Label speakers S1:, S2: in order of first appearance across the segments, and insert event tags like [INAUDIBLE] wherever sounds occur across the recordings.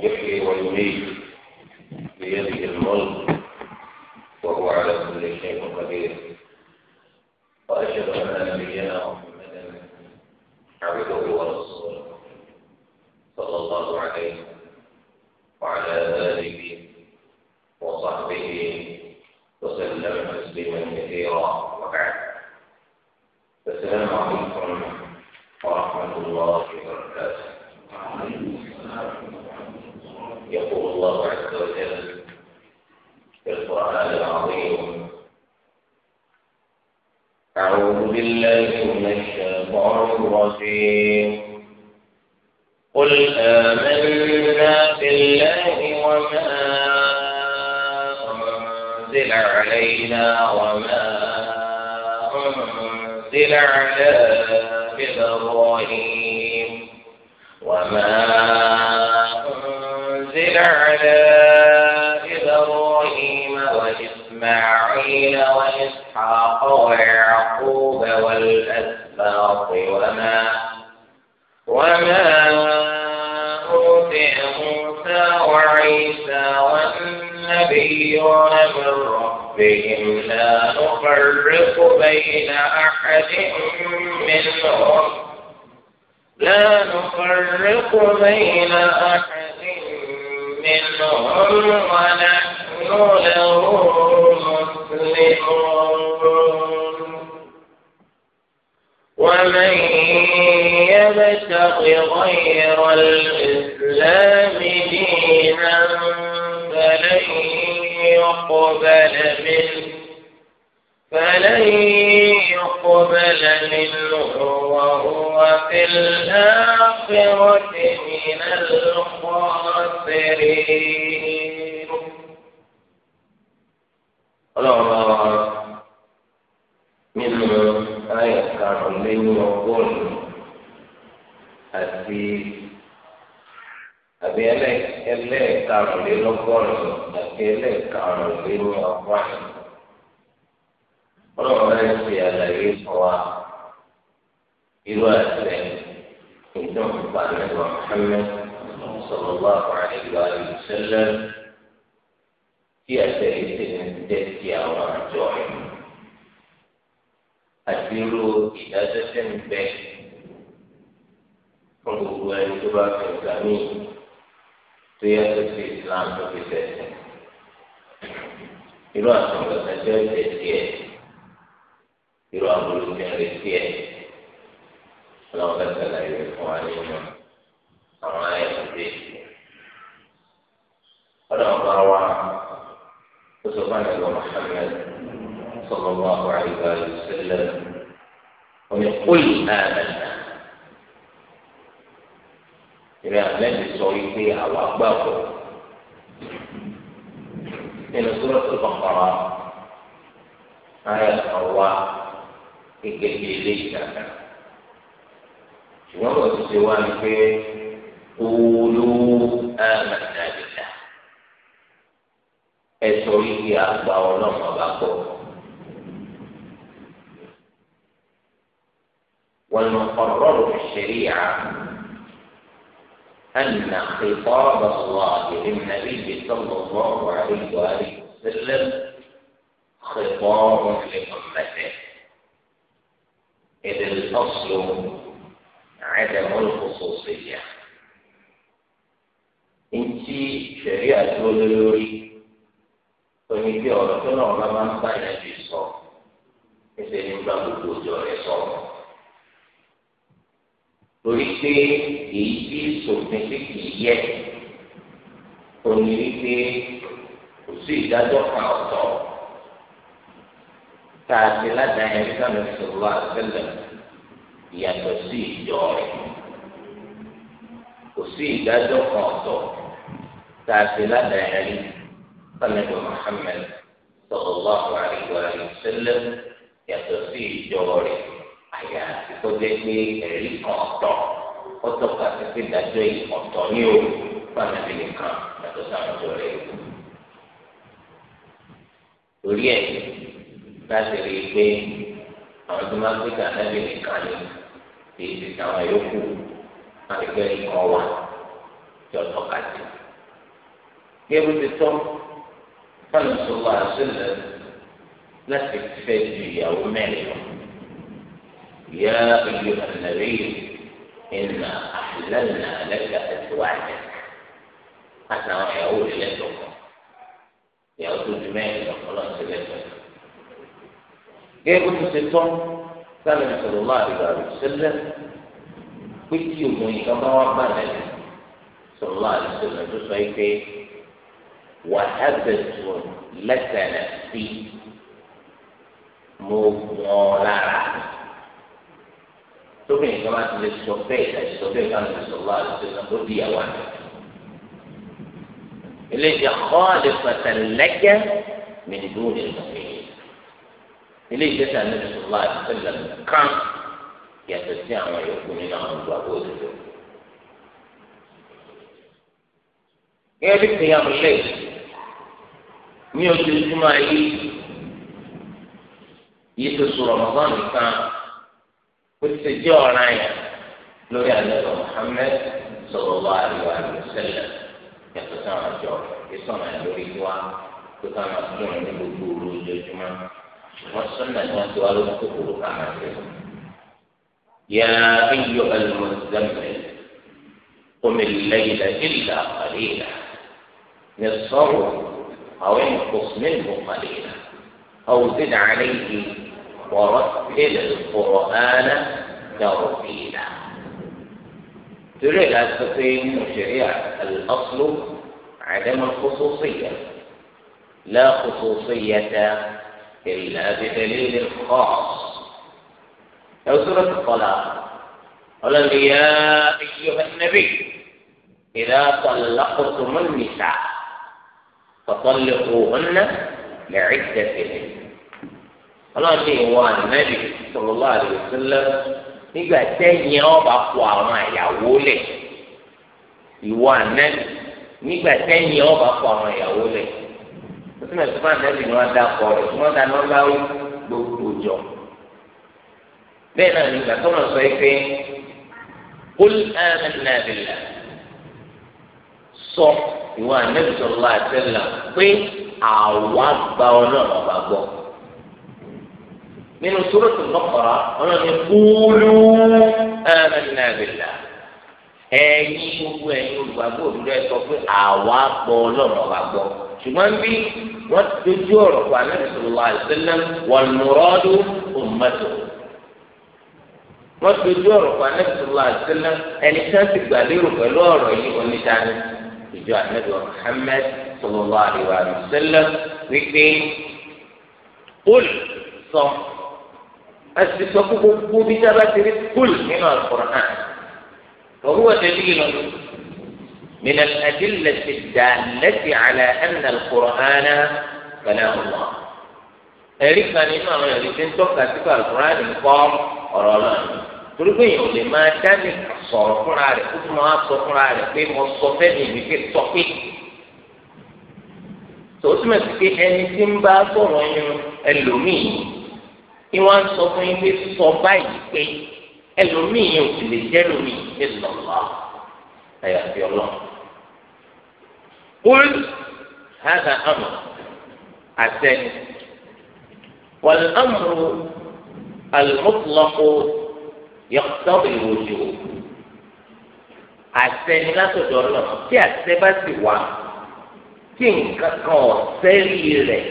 S1: يحيي ويميت بيده الملك وهو على كل شيء قدير يقبل منه فلن يقبل منه وهو في الآخرة من الخاسرين الله nínú ayọ̀ karùn-ún leyin àbí ẹlẹ́ẹ̀karùnlélọ́gọ́rùn àti ẹlẹ́ẹ̀karùnlélọ́gbọ̀n. ọlọ́run bá ń ṣe àlàyé fún wa irú àṣẹ ìjọ ìpàdé wa Muhammad sallallahu alaihi wa sallam kí àṣẹ ìṣe ní jẹ́ ti àwọn àjọ rẹ̀ àti irú ìdájọ́ tẹ́ bẹ fún gbogbo ẹni tó bá fẹ́ gbà míì tó yẹ kó fi islam tó fi sẹ̀sìn
S2: irú àtúntò ẹjọ́ ìfẹ́
S1: tiẹ̀ irú àbúrò tí ń retí ẹ̀ ọlọ́run fẹ́ sẹ̀lẹ̀ ìwé fún wa nínú àwọn ayẹyẹ tó ṣe ọlọ́run bá wa ó sọ fún àgbẹ̀ Muhammad صلى الله عليه وآله وسلم ويقول آمنت ìrìn àlẹ́bí sọ wípé àwa gbàgbọ́ nínú sọ́rọ́sọ́ kọ̀ọ̀kọ̀rọ̀ ayọ̀ kan wá gẹ́gẹ́ bí ilé ìdáná ṣùgbọ́n bọ̀ ti ṣe wá ni pé olú àmàlàdìlà ẹ sọ wípé àgbà ọlọ́run ọba gbọ́. والمقرر في الشريعه أن خطاب الله للنبي صلى الله عليه وآله وسلم خطاب لأمته إذ الأصل عدم الخصوصية أنت شريعة لوري فمن يقول لك أنا ما أنت نبي صلى الله عليه وسلم torí pé èyí tí sòfin tí kì í yẹ òní wípé kò sí ìdájọ́ kan ọ̀tọ̀ tá a ti ládàá yẹn nígbà tó sọ̀rọ̀ àtẹ́lẹ̀ ìyàtọ̀ sí ìjọ rẹ̀ kò sí ìdájọ́ kan ọ̀tọ̀ tá a ti ládàá yẹn rí sàlẹ̀dọ̀ sọ̀rọ̀ wà wà rí ìyàtọ̀ sí ìjọ rẹ̀ àyà ìkọjẹ pé ẹ̀rí kan ọ̀tọ̀ ọ̀tọ̀ kàtí pé ìdájọ́ yìí ọ̀tọ̀ ní o fànàbí nìkan yàtọ̀ sáwọn ọjọ́ rẹ̀ lórí ẹ̀ láti rí i pé àwọn tó máa ń gbé kànáàbì nìkan ni èyí ti táwọn yòókù láti nìkan wà tí ọ̀tọ̀ kàtí. bí ebi ti tọ́ fànàbí sọ̀rọ̀ àṣẹ láti fẹ́ ju ìyàwó mẹ́rin lọ. يا أيها النبي إنا أحللنا لك أزواجك حتى يقول لكم يا إلى جمال وخلاص لكم كيف تسيطون قال رسول صلى الله عليه وسلم كنت يمني كما وقال صلى الله عليه وسلم تسيطة وحبت لك نفسي مغمولا رحمه tóbìnrin kan máa ti lè sọ bẹ́ẹ̀ láti sọ bẹ́ẹ̀ káwọn lè sọ wá àti sọ tó di àwọn àgbẹ̀. eléyìí àkọ́ àdìpàtà lẹ́kẹ́ mẹ́tìdó ní ìlọ́mí. eléyìí tẹ́tà ní sọ wá àti sọ lẹ́nu kán yàtọ̀ sí àwọn yòókù nínú àwọn olùgbàgbọ́ òdodo. gẹ́gẹ́ bí kìnyàmù lè ní ojoojúmọ́ ayé yìí tó sọ̀rọ̀ mọ́gán ó ti jẹ́ ọ̀ràn yẹn lórí àlejò Muhammad sọ̀rọ̀ àríwá àlùsẹ́lẹ̀ yàtọ̀ sáwọn àjọ ìsọ̀nà lórí wa tó sáwọn àtúntò ní gbogbo òru ojoojúmọ́ wọ́n sọ̀nà ní wọ́n ti wá lórí kòkòrò kàmá sí i. يا أيها المزمل قم الليل إلا قليلا نصفه أو انقص منه قليلا أو زد عليه ورتل القرآن ترتيلا تريد أن تقيم الشريعة الأصل عدم الخصوصية لا خصوصية إلا بدليل خاص أو سورة الطلاق قال يا أيها النبي إذا طلقتم النساء فطلقوهن لعدتهن ọlọ́run ní ìwọ ànábì sallallahu alaihi wasallam nígbà tẹ́yìn ọba kọ àwọn àyàwó lẹ̀ ìwọ ànábì nígbà tẹ́yìn ọba kọ àwọn àyàwó lẹ̀ sísèmẹ̀ tó bá ànábì ni wọ́n dá kọ rẹ̀ tí wọ́n dá nọ́mbà gbogbo jọ bẹ́ẹ̀ náà nígbà tó wọ́n sọ yìí pé qul amanna billah sọ ìwọ ànábì sallallahu alaihi wasallam pé àwa gba ọ nínú sóròtò lọ́kọ̀ọ́ra ọ̀nà ni kúlú amanna billah ẹ̀yin gbogbo ẹ̀yin olùgbàgbọ́ òdúró ẹ̀ sọ pé àwa gbọ́ ọlọ́run ọba gbọ́ ṣùgbọ́n bí wọ́n dojú ọ̀rọ̀ pa Ànábì sallallahu alaihi wasallam wal muradu ummatu wọ́n dojú ọ̀rọ̀ pa Ànábì sallallahu alaihi wasallam ẹni tí wọ́n ti gbà lérò pẹ̀lú yìí oníṣàánú ìjọ Ànábì Muhammad sallallahu alaihi wípé olù sọ ẹsì sọ fún gbogbo bí sábà ti rí kúl nínú àkùrán wọ́n wọ́n tẹ̀lé yìí lọ́dún من الأدلة الدالة على أن القرآن كلام الله ẹ̀rí kan nínú àwọn ẹ̀rí tí ń tọ́ka sí pé àlùkùránì ń kọ́ ọ̀rọ̀ náà torí pé èèyàn ò lè máa dání sọ̀rọ̀ fúnra rẹ̀ kó tún máa sọ fúnra rẹ̀ pé mo sọ fẹ́mi mi pé sọ pé tòótúmọ̀ sí pé ẹni tí ń bá sọ̀rọ̀ yín ẹlòmíì ìwọ́n ń sọ fún yín pé sọ báyìí pé ẹlòmíì yẹn ò sì lè jẹ́ lómi ìlọ́lá àyàfi ọlọ́run. kúl hàdà àmà àtẹni wàl àmúru àlùmọ́tòlọ́kọ yọ̀tọ́bì ìwòjò àtẹni látọ̀dọ̀ náà tí àtẹ bá sì wà tí nǹkan kan ọ̀sẹ́ rí rẹ̀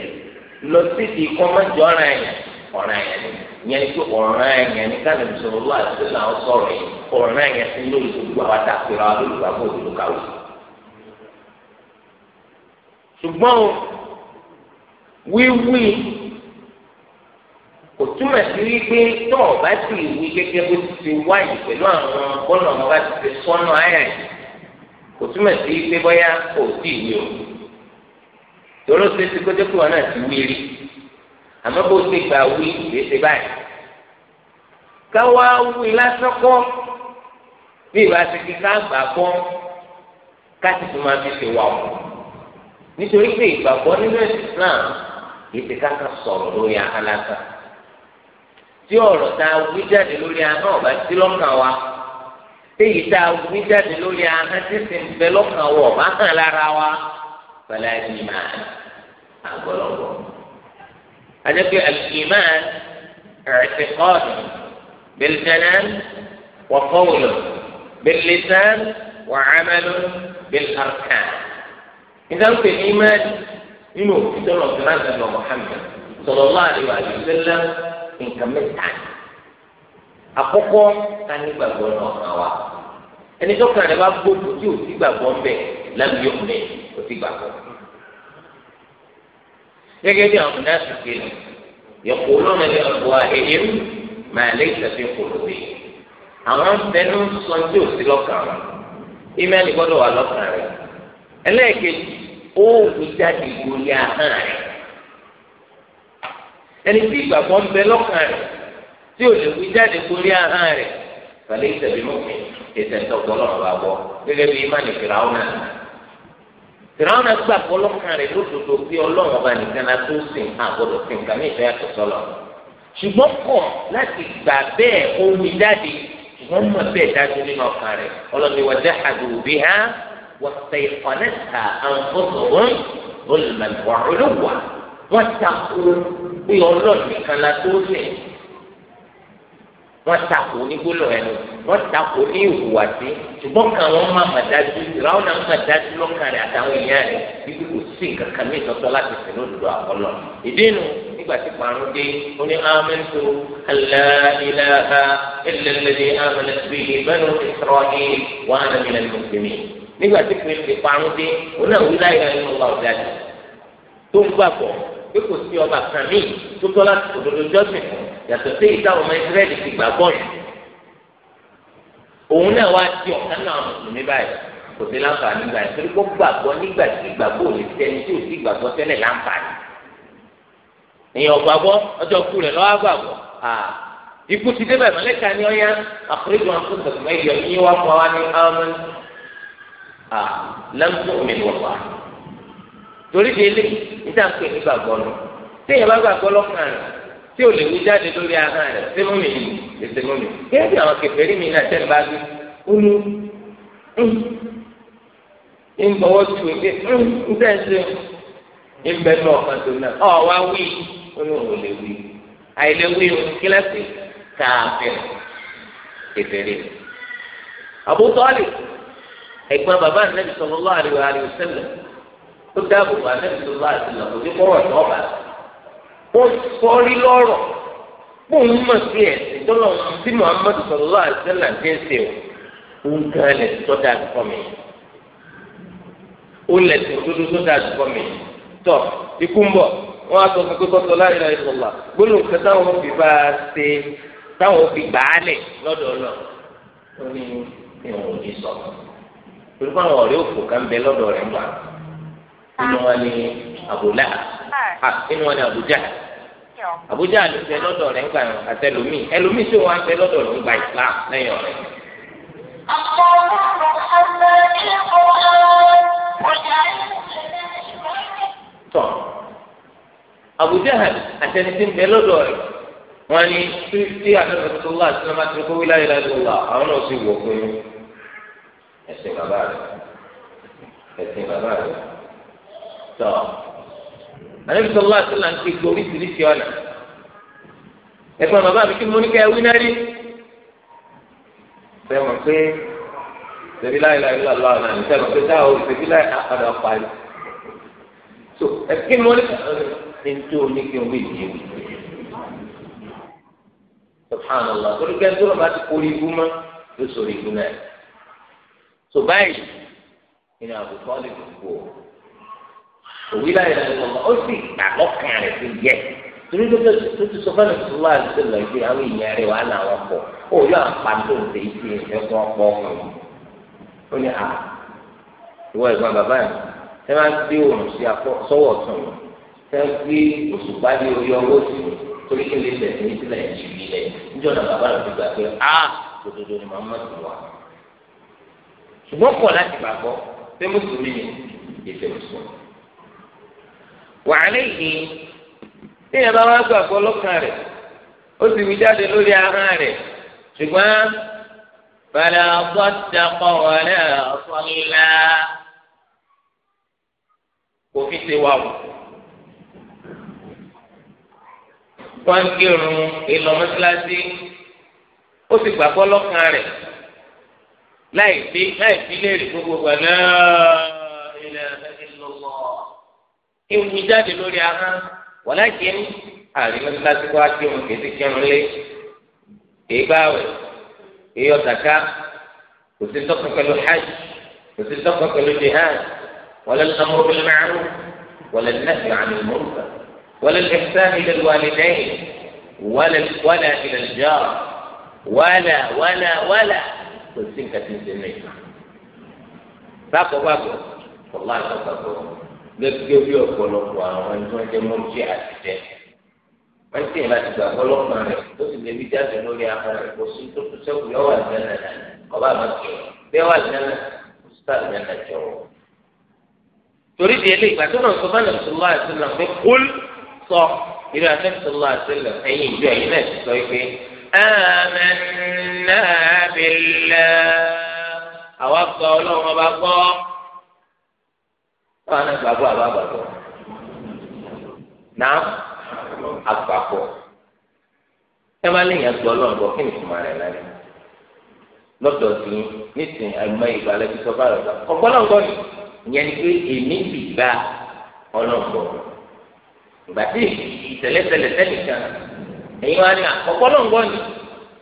S1: lọ sí ti kọ́mọ́jọ́ra yẹn ọ̀ràn yẹn ni yẹn tó ọ̀ràn yẹn ni káàdì mùsùlùmí àti làwọn sọ̀rọ̀ yìí ọ̀ràn yẹn ti lórí gbogbo àwọn àtàkùrọ̀ alólùgbàgbọ́ òdodo káwé. ṣùgbọ́n wíwí kò túmọ̀ sí wípé tó o bá sì wí gẹ́gẹ́ bó ti fi wáyé pẹ̀lú àwọn bọ́ọ̀lù ọ̀gá ti fi sọ́nà ayà yìí kò túmọ̀ sí wípé bọ́yá kò tí ì wí o. tòró ṣe ti kó dé kúrò náà ti wí rí àmọ́ bó ti gbà wí kìí ṣe báyìí káwá wí lásán kọ́ bí ìbá ti di ká gbà gbọ́ ká sì tún máa fi ṣe wà wọ́n nítorí pé ìgbàgbọ́ nínú ẹ̀sìn Islam kìí ṣe sọ̀rọ̀ lórí ahálàkà tí ọ̀rọ̀ tá a wí jáde lórí ahọ́n ọ̀bá sí lọ́kàn wa téyì tá a wí jáde lórí ahọ́n títí ń bẹ lọ́kàn wa ọ̀bá hàn lára wa pẹ̀lú ẹ̀mí máa àgbọ̀lọ́gbọ̀n. أدب الإيمان اعتقاد بالجنان وقول باللسان وعمل بالأركان إذا في الإيمان إنه في سنة محمد صلى الله عليه وسلم إن كملت عنه àkọ́kọ́ ká ní gbàgbọ́ náà kàn wá ẹni tó kàn rẹ̀ bá gbóòtú tí ò sí gbàgbọ́ ń bẹ̀ lábìyọ̀ mẹ́ ò sí gẹ́gẹ́ bí àwọn mùnáfíkì ni yaquluna li afwahihim ma laysa fi qulubihim àwọn fẹnu sọ tí ò sí lọ́kàn wọn ìmẹ́ni gbọ́dọ̀ wà lọ́kàn rẹ̀ ẹlẹ́ẹ̀kejì oògùn jáde ìgboyà hàn rẹ̀ ẹni tí ìgbàgbọ́ ń bẹ lọ́kàn rẹ̀ tí ò lè wí jáde ìgboyà hàn rẹ̀ fàlẹ́ ìtẹ̀lẹ́mọ̀kẹ́ ètò ẹ̀tọ́ gbọ́dọ̀ fìràwọn àgbà fọlọ́kàn rẹ̀ lódodo pé ọlọ́run ọba nìkan la tó sìn àgbọ̀dọ̀ fi nǹkan ní ìfẹ́ yàtọ̀ sọ́lọ̀ ṣùgbọ́n kọ̀ láti gbà bẹ́ẹ̀ omi jáde ṣùgbọ́n mọ̀ bẹ́ẹ̀ dájú nínú ọkàn rẹ̀ ọlọ́ni wà jáhàdù òbí ha wà fẹ́ ìkọ̀nẹ́ta àǹfọ̀sọ̀rún olùmọ̀lùwà olówà wọ́n takò pé ọlọ́run nìkan la tó sìn wọ́n takò ní gbólóhùn ẹnu wọ́n takò ní ìhùwàsí ṣùgbọ́n kan wọ́n máa mà dájú ìràwọ̀ náà mà dájú lọ́kàn rẹ̀ àtàwọn èèyàn rẹ̀ bíbí kò sí nǹkan kan ní ìtọ́tọ́ láti sìn lódodo àkọlọ́ ìdí nu nígbà tí parun dé ó ní amẹ́ntò aláìláha ẹlẹ́lẹ́dẹ́ amẹ́lẹ́sì bẹ́ẹ̀ ló ti sọ̀rọ̀ ní wàhánà mílẹ̀ mùsùlùmí nígbà tí parun dé ó náà wí láyé tó ń yàtọ̀ sí ìtàwọn ọmọ ìsírẹ́lì ti gbàgbọ́ yẹn òun náà wá di ọ̀kan náà mùsùlùmí báyìí kò sí láǹfààní gbà yẹn torí kó gbàgbọ́ nígbà tí ìgbàgbọ́ ò lè ti ẹni tí ò sí ìgbàgbọ́ tẹ́lẹ̀ láǹfààní èèyàn ọ̀gbàgbọ́ ọjọ́ kú rẹ̀ lọ́wọ́ gbàgbọ́ ikú ti débẹ̀ mọ́lẹ́ka ni ọ̀ya àkúrẹ́jọ àkúrẹ́jọ mẹ́yọ ní wá fún wa ní ọmọdé lẹ́mtọ́ mi wọ̀ wá torí délé níta ń pè ní gbàgbọ́ lọ téèyàn tí o lè wí jáde lórí ahọ́n rẹ̀ ṣé mú mi ṣe mú mi kéèdì àwọn kẹfẹ́rí mi náà tẹ́lẹ̀ bá gbé ó ní ń bọ̀wọ́ tu pé ń tẹ́ ṣe ń bẹ ní ọ̀kan tó náà ọ̀ wá wí ó ní òun lè wí àìlè wí o kíláàsì káàfin kẹfẹ́rí àbútọ́lì ẹ̀gbọ́n bàbá ànábì sallallahu alaihi wa sallam tó dáàbò bàbá ànábì sallallahu alaihi wa kó sọrí lọ́rọ̀ kó ń mọ̀ sí ẹ̀sìn tó tí muhammed sọlá àṣẹlá o ń gan lẹ̀ tó dáa ti mi ó dúdú tó dáa mi ikú ń sọ fún sọlá ìlà táwọn fi bá a ṣe táwọn fi gbà á lẹ̀ lọ́dọ̀ náà ó ní ìwọ̀n òní sọ torí fún àwọn òfò kan bẹ lọdọ ni àbúlá. Ah, inú wọn ni Abuja àbújá ló fẹ́ lọ́dọ̀ rẹ̀ ńgbà yẹn àti ẹlòmíì ẹlòmíì tí wọn fẹ́ lọ́dọ̀ rẹ̀ ńgbà islam lẹ́yìn ọ̀rẹ́. tọ àbújá àtẹnití ń bẹ lọ́dọ̀ rẹ̀ wọn ni tí àdókòtòlá àti nàmàtìrìkò wílá yìí ládùúgbò àwọn náà sì wọ pé ẹsìn bàbá rẹ̀ ẹsìn bàbá rẹ̀ tọ ànábi sọlá àtúnlá ń ké gbórí tìrìsì ọ̀nà ẹ̀fọn bàbá mi kí mo ní ká ẹwí náà rí sẹ́wọ̀n pé sẹ́bí láìláì lọ́la ọ̀nà ní sẹ́wọ̀n pé táwọn òṣèbí láì àpàdé ọ̀parí so ẹ̀kí mo ní ká ẹ̀ ń tó ní kí n wí ìdíyẹ wí subhanallah torí pé ẹ̀ńtọ́ bá ti kórè ibú mọ́ ló sọ̀rọ̀ ibú náà so báyìí ìnà àbùkọ́ lè dùn òwí láyé lọ́wọ́ ó sì gbà lọ́kàn rẹ̀ ti yẹ torí lójó tó ti sọ fẹ́ràn tó wà lóṣù lọ ìgbé àwọn èèyàn rẹ̀ wàá làwọn pọ̀ ó yọ àpàtó ìdè ìdè ẹ̀fọ́ pọ̀ ọ̀hún ó ní à ìwọ ìgbọ́n bàbá yẹn ṣé máa ń gbé òòrùn sí sọ́wọ́ ọ̀tún ṣé ń gbé òṣùpá ní orí ọwọ́ òsì torí kí lè bẹ̀rẹ̀ ní sílẹ̀ ìjìbí lẹ̀ níjọ́ bàbá rẹ̀ ti gbà pé a òdodo ni màmá ti wà ṣùgbọ́n pọ̀ láti gbàgbọ́ pé mùsùlùmí ni ìfẹ́ mùsùlùmí wàhálẹ́ yìí téèyàn bá wá gbàgbọ́ lọ́kàn rẹ̀ ó sì wí jáde lórí ahọ́n rẹ̀ ṣùgbọ́n bàlẹ́ ọgbọ́dàpọ̀ wọlé ọ̀fọ́nlá kò fi ṣe wà wò. wọ́n ń ìlọ mọ́sálásí ó sì rẹ̀ ewu jáde lórí ara wọ́n láti ní àríwá lásìkò àti akéwọn kéde kẹrin lé èébáwẹ̀ èyọ zaka kò sí tọ́kọ̀ pẹ̀lú hajj kò sí tọ́kọ̀ pẹ̀lú jihad wala al-amru bil ma'ruf wala an-nahyu 'anil munkar wala al-ihsan ila al-walidayn wala wala ila al-jar wala wọn lè kò sí nǹkan tí ń sẹ́yìn náà. bákọ̀ bákọ̀ wọ́n máa ń sọ̀tọ̀ gẹ́gẹ́ bí ọ̀pọ̀lọpọ̀ àwọn ẹni tí wọ́n jẹ́ mọ́tì àtijẹ́ wọ́n ti yẹn láti gbà ọlọ́pàá rẹ̀ tó sì lè fi jáde lórí ahọ́n rẹ̀ kó sí tó tó sẹ́kù yọ wà ní ẹ̀nà náà ọba àmọ́ jọ bẹ́ẹ̀ wà ní ẹ̀nà kó sí tàbí ẹ̀nà jọ. torí di eléyìí ìgbà tó náà sọ bá nàìjíríà sọlá àti náà pé kúl sọ ìlú àtẹ́kù sọlá àti náà ẹ̀yìn ìjọ ẹ̀yìn náà ti sọ pé àmín náà bẹ̀rẹ̀ àwa gbọ́ ọba gbọ́ wọn náà gbàgbọ́ àbá gbàgbọ́ náà àgbàgbọ́ ẹ má léèyàn gbọ́ lọ́nbọ̀ kí ni ìtumọ̀ rẹ̀ lẹ́nu lọ́dọ̀ sí nísìnyí àìmọ́ ìgbà ọzọ, bá rẹ̀ gbà ni ìyẹn ni pé èmi bì bá ọlọ́gbọ̀ ìgbà tí ìtẹ̀lẹ́tẹ̀lẹ̀ sẹ́nìkan ẹ̀yin wá ní ni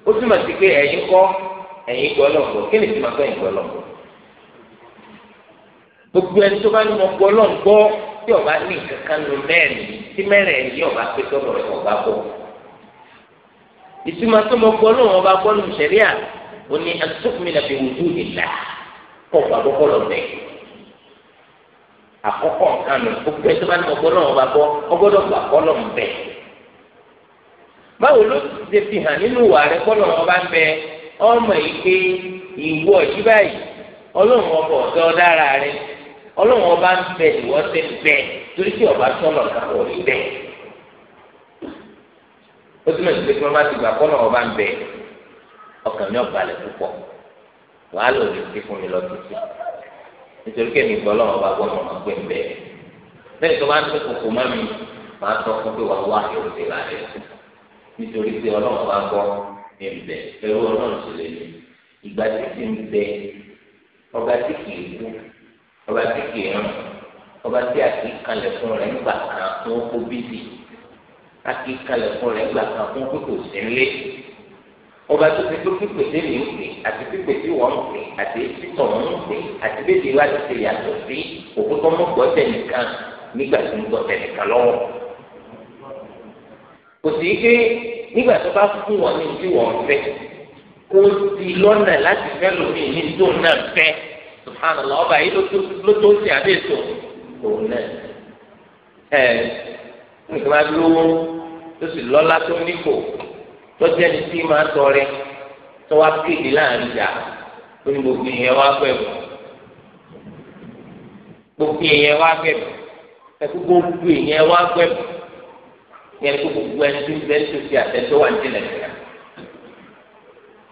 S1: ó túmọ̀ sí pé gbogbo ẹni tó bá ní wọn gbọ́ lọ́n gbọ́ tí ọba ní kankan ló mẹ́rin tí mẹ́rin ní ọba pé sọ́dọ̀ rẹ̀ ọba bọ̀. ìtumọ̀ tó mọ gbọ́ lọ́wọ́ ọba gbọ́ lọ́wọ́ sẹ́ríà ó ní asọ́kùnrin àti wùdú ìlà kọ́ ọba gbọ́ lọ bẹ̀. àkọ́kọ́ nǹkan nù gbogbo ẹni tó bá ní wọn gbọ́ lọ́wọ́ ọba gbọ́ ọgbọ́dọ̀ gbà kọ́ lọ́ bẹ̀. báwo ló ti fi hàn nínú ìwà rẹ kọ́ lọ́wọ́ ọba bẹ ọmọ yìí pé ìwọ yìí báyìí ọlọ́run ọkọ̀ ọ̀dọ́ dára rẹ̀ ọlọ́run ọba ń bẹ ìwọ ṣe ń bẹ torí tí ọba sọ̀rọ̀ kàwọ́ rí bẹ́ẹ̀. ó túmọ̀ sí pé kí wọ́n bá ti gbà kọ́ náà ọba ń bẹ ọkàn mi ọ̀balẹ̀ púpọ̀ wàhálà ò ní sí fún mi lọ títí nítorí kẹ́mi gbọ́ ọlọ́run ọba gbọ́ ọmọ ọgbẹ́ ń bẹ bẹ́ẹ̀ tó bá ń tún kòkó mọ́ mi màá sọ fún pé wàá wá ìrò ti rà rẹ̀ nítorí pé ọlọ́run ọba gbọ́ ń bẹ ọba tí kì í hàn ọba tí a kì í kalẹ̀ fún rẹ̀ ńgbà kan fún kó bíbí a kì í kalẹ̀ fún rẹ̀ ńgbà kan fún kó kò sí ńlé ọba tó ti tó pípèsè mi ń pè àti pípèsè wọ́n ń pè àti títọ̀ wọ́n ń pè àti bébí wa ti ṣe yàtọ̀ sí òkútọ́ mọ́ gbọ́ tẹnìkan nígbà tó ń gbọ́ tẹnìkan lọ́wọ́ kò sí pé nígbà tó bá fún wọn ní ti wọ́n fẹ́ kó ti lọ́nà láti fẹ́ lómi ní tó náà fẹ́ subhanallah ọba yìí ló tó ń sìn àbí ètò òun náà ẹ nǹkan tó sì lọ́lá tó nípò tó jẹ́ ní tí máa tọrẹ tó wá kéde láàrin ìjà tó ní gbogbo ìyẹn wá bẹ̀rù gbogbo ìyẹn wá bẹ̀rù ẹkú gbogbo ìyẹn wá bẹ̀rù ìyẹn ní gbogbo ẹni tó ń bẹ́ẹ̀ tó fi àtẹ́tọ́ wà nílẹ̀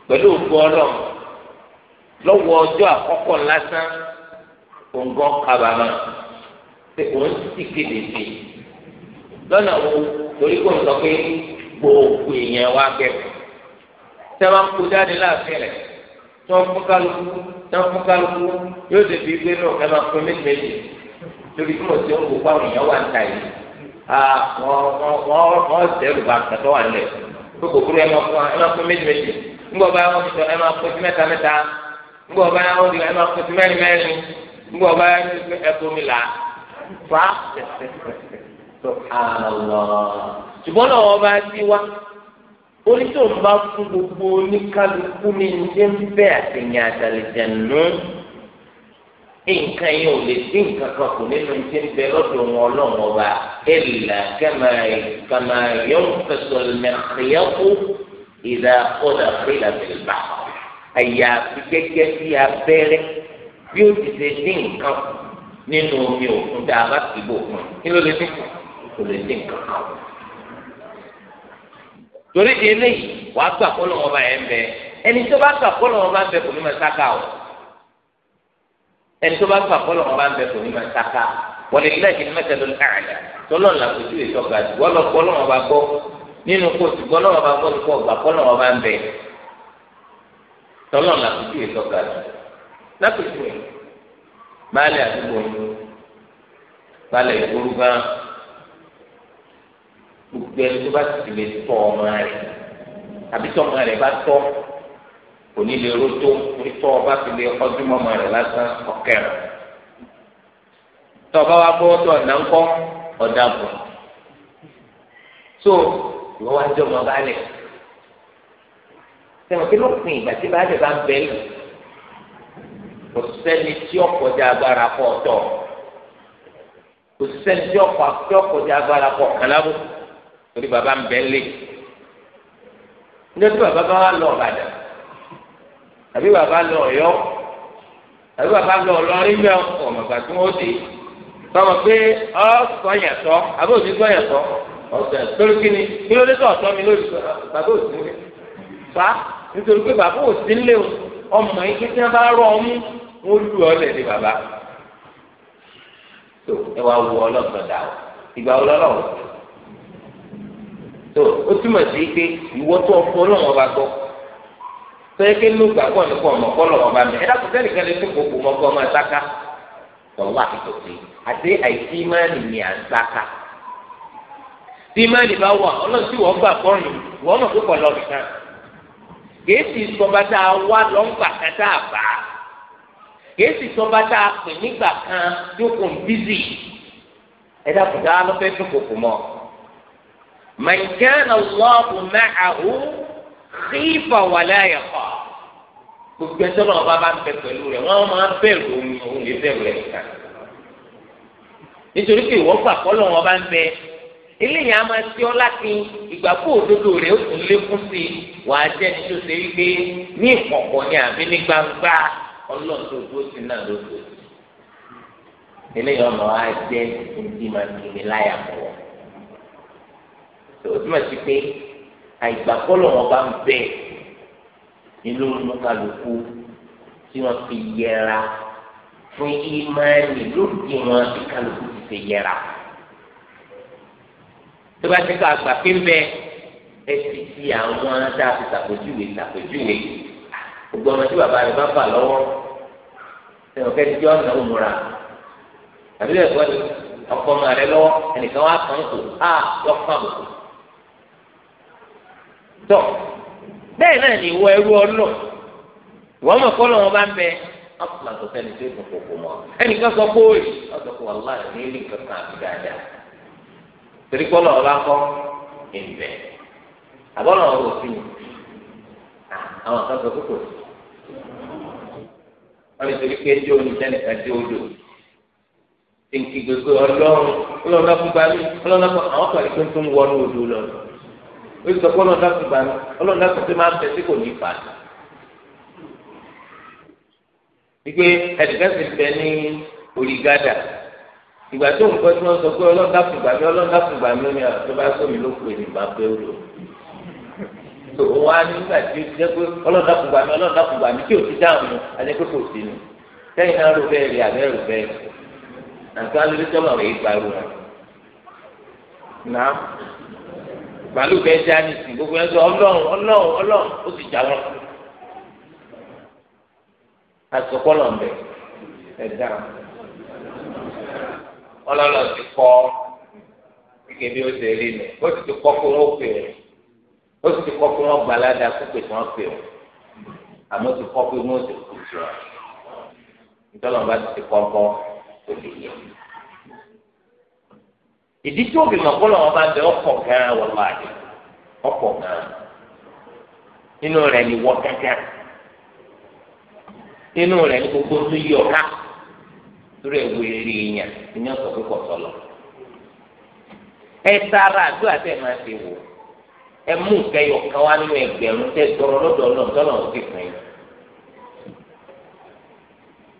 S1: pẹ̀lú òkú ọlọ́run lọ́wọ́ ọjọ́ àkọ́kọ́ lásán òǹgọ́ kábàámà pé òun ti kéde sí i lọ́nà wo torí kò ń sọ pé gbogbo èèyàn wá kẹ́kọ̀ọ́ tẹ́ wọ́n kó jáde láàfin rẹ̀ tí wọ́n fún kálukú tí wọ́n fún kálukú yóò débi pé náà ẹ máa fún méjì méjì torí kí wọ́n ti ń gbogbo àwọn èèyàn wà ń ta yìí wọ́n wọ́n sẹ́rù bá kàtọ́ wà lẹ̀ pé kòkúrú ẹ máa fún méjì méjì ńgbọ́ bá wọn ti sọ ẹ máa fún mẹ́ta mẹ́ta ńgbọ ọba yà wọn di ẹ máa pèsè mẹ́rin mẹ́rin ńgbọ ọba yà ẹkọ mi là fa tó àlọ ṣùgbọ́n náà wọ́n bá ti wá oníṣòwò bá fún gbogbo oníkálukú ní ṣé ń bẹ́ àtẹ̀yìn àtàlẹ̀jẹ̀ nù nǹkan yẹn ò lè dín nǹkan kan kù nínú ti ń bẹ wọn ọlọ́run ọba ẹ̀là kàmá yọ̀ǹfẹ̀sọ̀lmẹ̀kìyàkú ìdá kọ́dà fìlà fìlà báà àyàfi gẹ́gẹ́ bí abẹ́rẹ́ bí ó ti ṣe dín nǹkan nínú omi òkun dá a bá ti bò fún un kí ló lè dín kù kò lè dín nǹkan kan torí di eléyìí wàá gbà kó lọ́wọ́ bá yẹn bẹ ẹni tó bá gbà kó lọ́wọ́ bá bẹ kò ní máa sáká o ẹni tó bá gbà kó lọ́wọ́ bá bẹ kò ní máa sáká wọlé ilé ìdílé mẹ́ta ló ń kà àjà tọ́lọ́ ńlá kò ju èso ga jù wọ́n kó lọ́wọ́ bá gbọ́ nínú kóòtù gbọ́ lọ́wọ́ bá gbọ́ nípa ọgbà kó lọ́wọ́ bá ń bẹ tọ́lọ̀ làkùtù yìí tọ́ka jù lákùtù yìí baálé àdúgbò yìí baálé ìgboro gan gbogbo ẹni tó bá ti lè tọ́ ọmọ rẹ̀ àbí tọ́ ọmọ rẹ̀ bá tọ́ kò ní lè rótó ní tọ́ ọba fi lè ọdún mọ́mọ́ rẹ̀ lásán ọ̀kẹ́rẹ̀ tọ́ ọba wa bọ́ tó ọ̀nà ńkọ́ ọ̀dà bọ̀ so ìwọ́n wá jọ ọmọ baálé sẹ́wọ̀n kí ló pin ìgbà tí báyìí bá ń bẹ́ lù kò sẹ́ni tí ó kọjá agbára pọ̀ tọ̀ kò sẹ́ni tí ó kọjá agbára pọ̀ kálábù torí bàbá ń bẹ́ lè nítorí bàbá bá wà lọ ọ̀bàdàn àbí bàbá lọ ọ̀yọ́ àbí bàbá lọ ọlọ́rin bẹ́ẹ̀ ọmọ ìgbà tí wọ́n dé tọmọ pé ọ sọyàn tọ àbí òsì fa nítorí pé bàbá ò sí nílé o ọmọ yìí pé tí wọn bá rọ ọmú wọn lù ọ lẹ ní bàbá tó ẹ wá wo ọlọ́ọ̀tàn dà o ìgbà wo lọ́lọ́wọ́ tó o túmọ̀ sí pé ìwọ tó ọkọ ọlọ́wọ́ bá gbọ́ sọ́yẹ́ pé ló gbàgbọ́ nípa ọmọ kọ́lọ̀ ọba mi ẹ̀dá kò sẹ́nìkan lè fi kókò mọ́kọ́ ọmọ ẹ̀sáká tọ́wọ́ àtìkò sí i àti àìsí ìmáàlì ní àǹsáká tí ìmáàlì bá wà ọlọ́run wọ́n gbà kọ́rin wọ́n mọ̀ pé kọ́ lọ́ọ̀dì kan kèésì sọba tá a wá lọ́ngbà kan tá a bá kèésì sọba tá a pè nígbà kan jókòó ń bízì ẹ dàpọ̀ tá a lọ fẹ́ dúkò kò mọ́ man kana Allahu ma'ahu khifa wa la yaqa gbogbo ẹjọ́ náà bá bá ń bẹ pẹ̀lú rẹ̀ wọ́n máa bẹ̀rù òun òun rẹ̀ nìkan nítorí pé ìwọ́n kọ́ lọ́wọ́ bá ń bẹ eléyìí a máa ti ọ láti ìgbàgbọ́ òdodo rẹ̀ ó tún lékún sí i wà á jẹ́ nítorí ṣe wípé ní ìkọ̀kọ̀ ni àbí ní gbangba ọlọ́run tó dúró sí náà ló dúró sí i eléyìí ọmọ wa jẹ́ ìdí máa kiri láyà pọ̀ tó o túmọ̀ sí pé àìgbàgbọ́ lọ́wọ́ bá ń bẹ̀ nínú kálukú tí wọ́n fi yẹra fún ìmáàlì lóde wọn bí kálukú ti fi yẹra fún tó bá ti ká àgbà pé ń bẹ ẹsì ti àwọn tá a ti ṣàpèjúwe ṣàpèjúwe gbogbo ọmọ tí bàbá rẹ bá fà lọ́wọ́ ẹnìkan kẹ́ni tí ọ̀nà òmùra àbí ẹ̀kọ́ ni ọkọ ọmọ rẹ lọ́wọ́ ẹnìkan wá kàn kò á lọ kàn bò. tọ́ bẹ́ẹ̀ náà ni ìwọ ẹrú ọlọ́ ìwọ ọmọ kọ́ lọ́wọ́ bá ń bẹ ọkùnrin àtọ̀fẹ́ni tó kò kò mọ́ ẹnìkan sọ pé ó rí ọ̀dọ̀ wà láàrin ní ilé kankan àti dáadáa torí kọ́ lọ́wọ́ bá kọ́ ìbẹ̀ àbọ̀lọ̀ ọ̀rọ̀ sí i àwọn kan sọ kókò sí wọ́n lè torí pé ẹjọ́ oníṣẹ́ni ẹjọ́ odò tí n kí gbogbo ọlọ́run ọlọ́run náà fún bami ọlọ́run náà fún àwọn kan lè tó ń wọnú odò lọ ó sọ pé ọlọ́run náà fún bami ọlọ́run náà fún tó máa bẹ sí kò ní ìfà wípé ẹ̀dùnkẹ́sì bẹ ní orí gádà. ìgbà tó ń gbọ́ tí wọ́n sọ pé ọlọ́dà fùgbà mi ọlọ́dà fùgbà mi ni àti bá sómi ló pè ní bàbá odò tó wá nígbà tí ó ti jẹ́ pé ọlọ́dà fùgbà mi ọlọ́dà fùgbà mi tí ò ti dáhùn mu àti pé kò sí ni sẹ́yìn náà rò bẹ́ẹ̀ rí rò bẹ́ẹ̀ àti alóde tó wọn. nà bẹ́ẹ̀ já ní ìsìn gbogbo ẹ̀ sọ ọlọ́run ọlọ́run ọlọ́run ó ọlọ́lọ́ ti kọ́ kíkẹ́ bí ó ṣe rí ni ó sì ti kọ́ pé wọ́n pè ó ó sì ti kọ́ pé wọ́n gbalada pípé tí wọ́n pè ó àmọ́ ti kọ́ pé wọ́n ti kú jù ọ́ nítorí wọn bá ti kọ́ kọ́ kò lè yẹ. ìdí tí òbí mọ̀ kọ́ lọ́wọ́ bá bẹ ọkọ̀ gan-an wọ̀ lọ́wọ́ àdé ọkọ̀ gan-an inú rẹ̀ ni wọ́ gángan inú rẹ̀ ni gbogbo tó yí ọ̀ká torí ẹ̀wù èrè èèyàn ìyẹn sọ pé kò sọlọ. ẹ tara àdúrà tẹ máa ti wò ẹ mú kẹyọ kan wá nínú ẹgbẹ̀rún tẹ tọrọ lọ́dọ̀ Ọlọ́run tọrọ ò ti fún yín.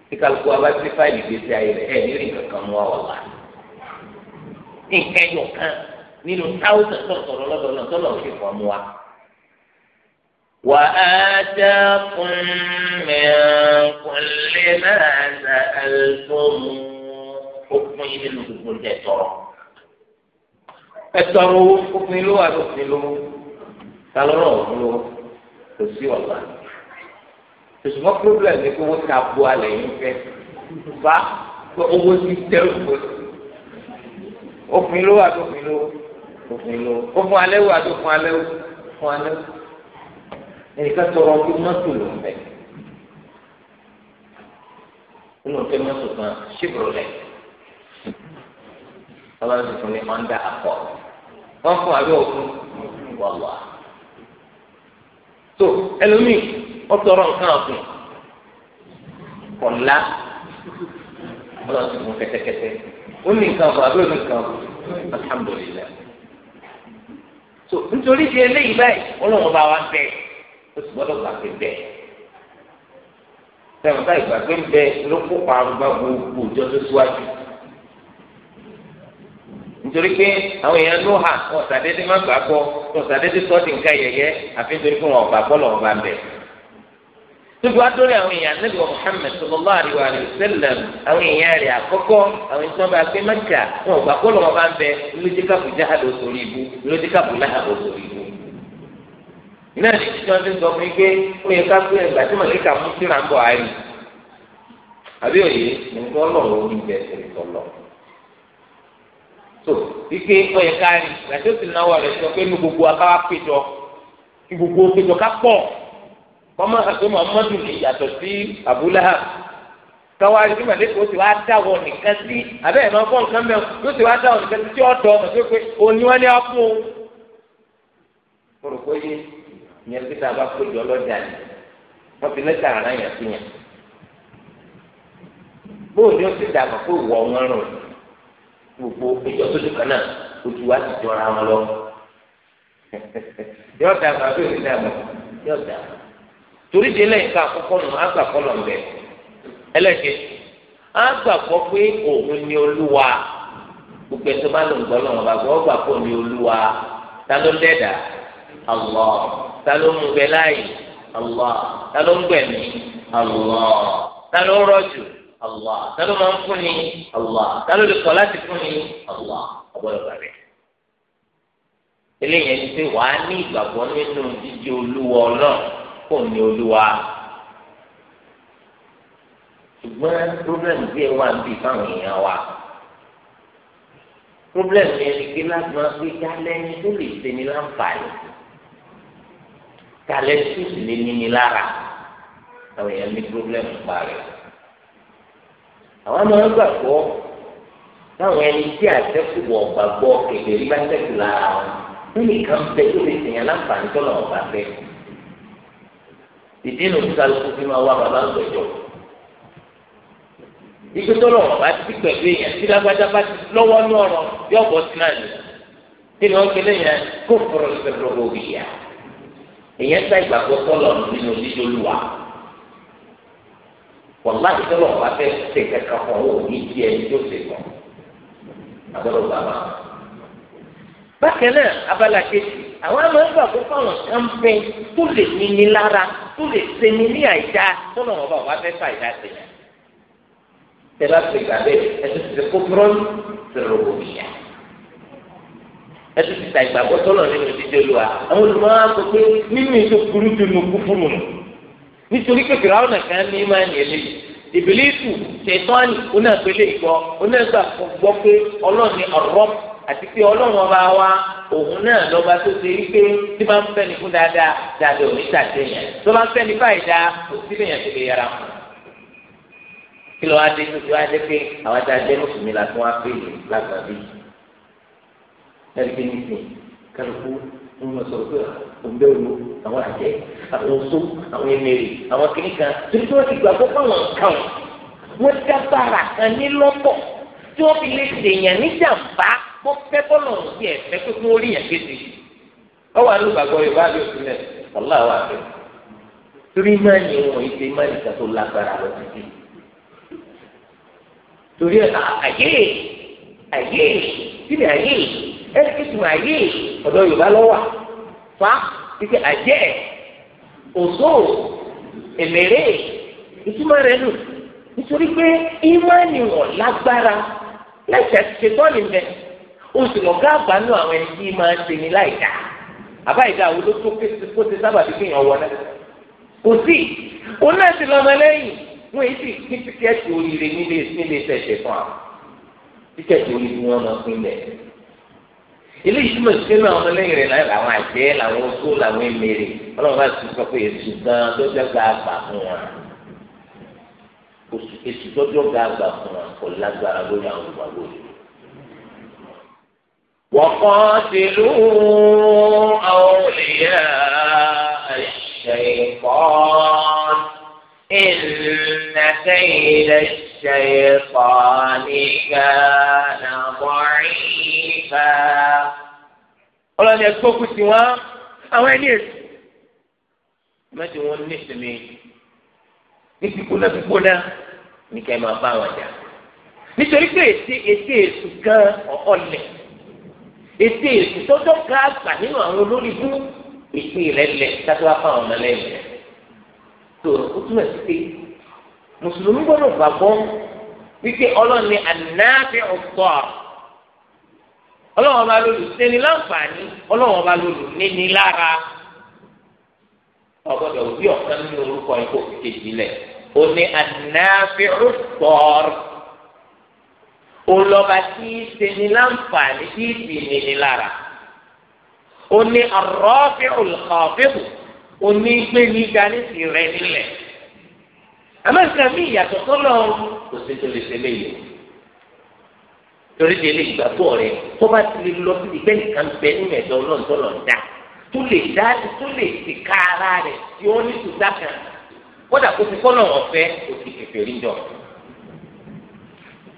S1: tí kálukú wa bá ti fáìlì gbèsè ayé rẹ ẹ nírì kankan mú ọ wà. ní kẹyọ kan nínú táwùsàn tọrọ lọ́dọ̀ Ọlọ́run tọrọ ò ti fún ọmú wa. وآتاكم من كل ما سألتم حكم ابن تقول ترى ẹtọrọ òfin ló wà lófin lówó ta ló ràn òfin lówó kò sí ọ̀la òṣùwọ́n problem ni pé wọ́n ta bu alẹ̀ yín fẹ́ bá owó ti tẹ́rù pé òfin ló wà lófin lówó òfin lówó ó fún alẹ́ wò àti òfin alẹ́ wò alẹ́ ẹnìkan tọrọ kí mọ́tò ló ń bẹ nínú pé mọ́tò kan Chevrolet ọlọ́run tuntun ní Honda Accord wọ́n fún àbí òkun wàlúwà tó ẹlòmíì wọ́n tọrọ nǹkan ọ̀gbìn kọ̀ọ̀lá ọlọ́run tuntun kẹ́tẹ́kẹ́tẹ́ ó ní nǹkan ọ̀gbìn àbí òkun kan alhamdulilayi tó nítorí ti eléyìí báyìí ọlọ́run bá wa bẹ́ẹ̀. ó sì gbọ́dọ̀ gbà pé bẹ́ẹ̀ sẹ́wọ̀n ká ìgbà pé bẹ́ẹ̀ ló kópa arúgbó gbogbo òjò tó síwájú nítorí pé àwọn èèyàn ló hà wọn sàdédé má gbà gbọ́ wọn sàdédé sọ nǹkan yẹyẹ àfi nítorí pé wọn ò gbà gbọ́ lọ́wọ́ bá ń bẹ̀. àwọn èèyàn níbi wọn Muhammad sallallahu alaihi wa sallam àwọn èèyàn rẹ̀ àkọ́kọ́ àwọn bá gbé wọn sórí ibu lójú sórí ibu. iná ní ìdíjọ ti sọ fún mi pé ó yẹ ká pé ẹgbàá tí màlíkà mú síra ń bọ̀ àárín àbí òye nǹkan ọlọ́run ò ní bẹ ẹsẹ̀ tọ̀lọ̀ tó ike ó yẹ ká rìn làtí ó sì náwó rẹ̀ sọ pé nu gbogbo akáwá péjọ kí gbogbo péjọ ká pọ̀ kọ́mọ àti muhammadu ní yàtọ̀ sí abúláhà káwárí tí màlíkà ó sì wá dáwọ̀ nìkan sí abẹ́ ẹ̀ máa fọ́ nǹkan mẹ́wọ̀n ló sì wá dáwọ̀ nìkan sí tí ọ̀dọ́ ọ̀dọ́ pé oníwọ́n ní á fún un ìyẹn tí tá a bá péjọ lọ́jà ni wọ́n fi lẹ́tà ara yàn sí yàn bóòlù yóò ti dàgbà pé ìwọ wọn rùn gbogbo ìjọ tó dùkọ̀ náà ojú wa ti jọra wọn lọ [LAUGHS] yóò dàgbà bí òní dàgbà yóò dàgbà torí di lẹ́yìn ká àkọ́kọ́ nù á kọ́lọ̀ ń bẹ̀ ẹlẹ́kẹ̀ẹ́ á pé òun ni olúwa gbogbo ẹ̀sọ́ bá lòun gbọ́ lọ́wọ́ bá gbọ́ gbà ni olúwa ta ló lẹ́dàá Allah ta ló mú bẹ láàyè Allah ta ló ń gbẹ̀mí Allah ta ló rọ̀jù Allah ta ló máa ń fún ni Allah ta ló lè kọ̀ láti fún ni Allah ọgbọ́dọ̀ bàbẹ̀. eléyìí ẹni pé wàá ní ìgbàgbọ́ nínú jíjí olúwa ọlọ́run kò ní olúwa ṣùgbọ́n problem díẹ̀ wà ń bì fáwọn èèyàn wa problem yẹn ni pé láti máa gbé dá lẹ́yìn tó lè ṣe ní láǹfààní kalẹ̀ tó sì lé níní lára àwọn èèyàn ní pírọ́blẹ́mù pa rẹ̀ àwọn ọmọ wọn gbàgbọ́ táwọn ẹni tí àtẹ́kù wọ̀ gbàgbọ́ kékeré bá tẹ́kù lára wọn nínìkan bẹ tó lè sèyàn láǹfààní tó lọ́wọ́ bá fẹ́ ìdí nu kálukú fi máa wá bàbá ń gbẹjọ ibi tó lọ́wọ́ bá ti pẹ̀lú èèyàn tí lágbájá bá ti lọ́wọ́ ní ọ̀rọ̀ yọ̀bọ̀ sí náà nìyẹn kí ni wọ́n kéde yẹn kó fọ̀rọ̀ sí ẹ̀rọ òbí yẹn èyàn ta ìgbàgbọ́ sọ̀lọ̀ nínú dídolúwa wàlá ìtọ́lọ̀ bá fẹ́ ṣe kẹ̀kẹ́ kan ó ní ti ẹni tó ṣe kàn àgbọ̀dọ̀ bàbá. bákan náà abala kejì àwọn àmọ́ ń gbàgbọ́ fáwọn kánpẹ́ tó lè ní ní lára tó lè ṣe ní ní àìdá sọ̀lọ̀ wọn bá fẹ́ fà ìdá sí i. tẹ́lá ti gbàgbé ẹ̀sìn ti kó búrọ́ọ̀lù ti rògbòmìyàn ẹtù ti ta ìgbàgbọ́ tọ́lọ̀ nínú ìdíje lu wa àwọn olùmọ̀ á sọ pé nínú ìjọ kúrú tó nu kúfúrú nù nítorí pé fìràwọn nìkan ní má ní eléyìí ìbílísù ṣètọ́ni onáàpélé ìgbọ́ onáàgbà gbọ́ pé ọlọ́ọ̀ni ọ̀rọ̀ àti pé ọlọ́run ọba wa òun náà lọ́ba tó ṣe rí pé tí bá ń fẹ́ ni fún dáadáa dáadáa òní tàṣe yẹn tó bá ń fẹ́ ni báyìí dáa kò sí lèyàn tó lè yára fún un. kí ló wá dé tó ti wá dé pé àwọn àti ajẹ́ mùsùlùmí la tún lágbàdì yìí ẹ̀ríkì ní ìsìn kálukú ń lọ sọ̀rọ̀ pé òǹbẹ́ òlu àwọn àjẹ́ àwọn oṣó àwọn emèrè àwọn kìnnìkan torí tí wọ́n ti gbàgbọ́ fáwọn nǹkan wọ́n dábàrà kan ní lọ́pọ̀ tí wọ́n fi lè ṣèyàn níjàmbá kó fẹ́ bọ́lọ̀ sí ẹ̀fẹ́ pé kí wọ́n rí yàn kéde ọwọ́ alúgbàgbọ́ yorùbá àbí òsínlẹ̀ ọ̀là torí máa àyè àyè kí ni àyè ẹsikẹtù ayé ọ̀dọ̀ yorùbá lọwà fa kíkẹ àjẹ òṣò èmèrè ìtumọ̀ rẹ̀ nù nítorí pé ìmánì wọn lágbára lẹsẹ ṣetọ́ni bẹ oṣù lọ́gá àgbàánu àwọn ẹni tí máa ń ṣe ní láìka àbá ìdá àwọn olóṣù kó ti sábà fi kéèyàn wọ náà kò sí òun náà ti lọ́mọ lẹ́yìn wọ́n èyí sì ní tíkẹ́ẹ̀tì oríire nílé nílé tẹ̀sẹ̀ fún àwọn tíkẹ́ẹ̀tì oríire wọn máa ń pín lẹ̀ eléyìí túmọ̀ sí pé àwọn ọmọlẹ́yìn rẹ̀ láyé làwọn àjẹ́ làwọn oṣó làwọn èmèrè ọlọ́run bá ti sọ pé èsù gan dọ́jọ́ gba àgbà fún wa èsù dọ́jọ́ gba àgbà fún wa kò lágbára lórí àwọn olùgbàgbọ́ yìí. وقاتلوا أولياء الشيطان إن كيد الشيطان الشيطان كان ضعيفا ọlọ́ni ẹgbẹ́ òkú sí wọn àwọn ẹni èsì mẹ́tì wọn ní ìsinmi ní gbígbóná gbígbóná ní kẹ́ máa bá wọn jà nítorí pé ètè ètè èsù gan ọ̀ọ́lẹ̀ ètè èsù tọ́jọ́ ká àgbà nínú àwọn olórí fún ètè mùsùlùmí gbọ́dọ̀ gbàgbọ́ wípé ọlọ́run ni ànáfẹ́ ọ̀tọ̀ ọlọ́run ọba lólùsẹ́ni láǹfààní ọlọ́run ọba lólùníní lára ọgbọ́dọ̀ òbí ọ̀kan ní orúkọ yìí kò fi kejì lẹ̀ ó ní ànáfẹ́ ọ̀tọ̀ olọba tí í ṣeni láǹfààní tí í sì níní lára ó ní àrọ́fẹ́ olùkọ́ fẹ́bù ó ní gbé nígbà rẹ nílẹ̀ amẹ́ríkà mi ìyàtọ̀ tọ́lọ̀ kò sí tó lè ṣe léyìí torí délé ìgbà tó rẹ tó bá ti lè lọ sí ìgbẹ́ nǹkan bẹ nínú ẹ̀dọ́ ọlọ́run tó lọ dá tó lè dá tó lè ti ká ara rẹ̀ tí ó ní tùdá kan kódà kó fi kọ́nà ọ̀fẹ́ kò sì kẹfẹ́ rí jọ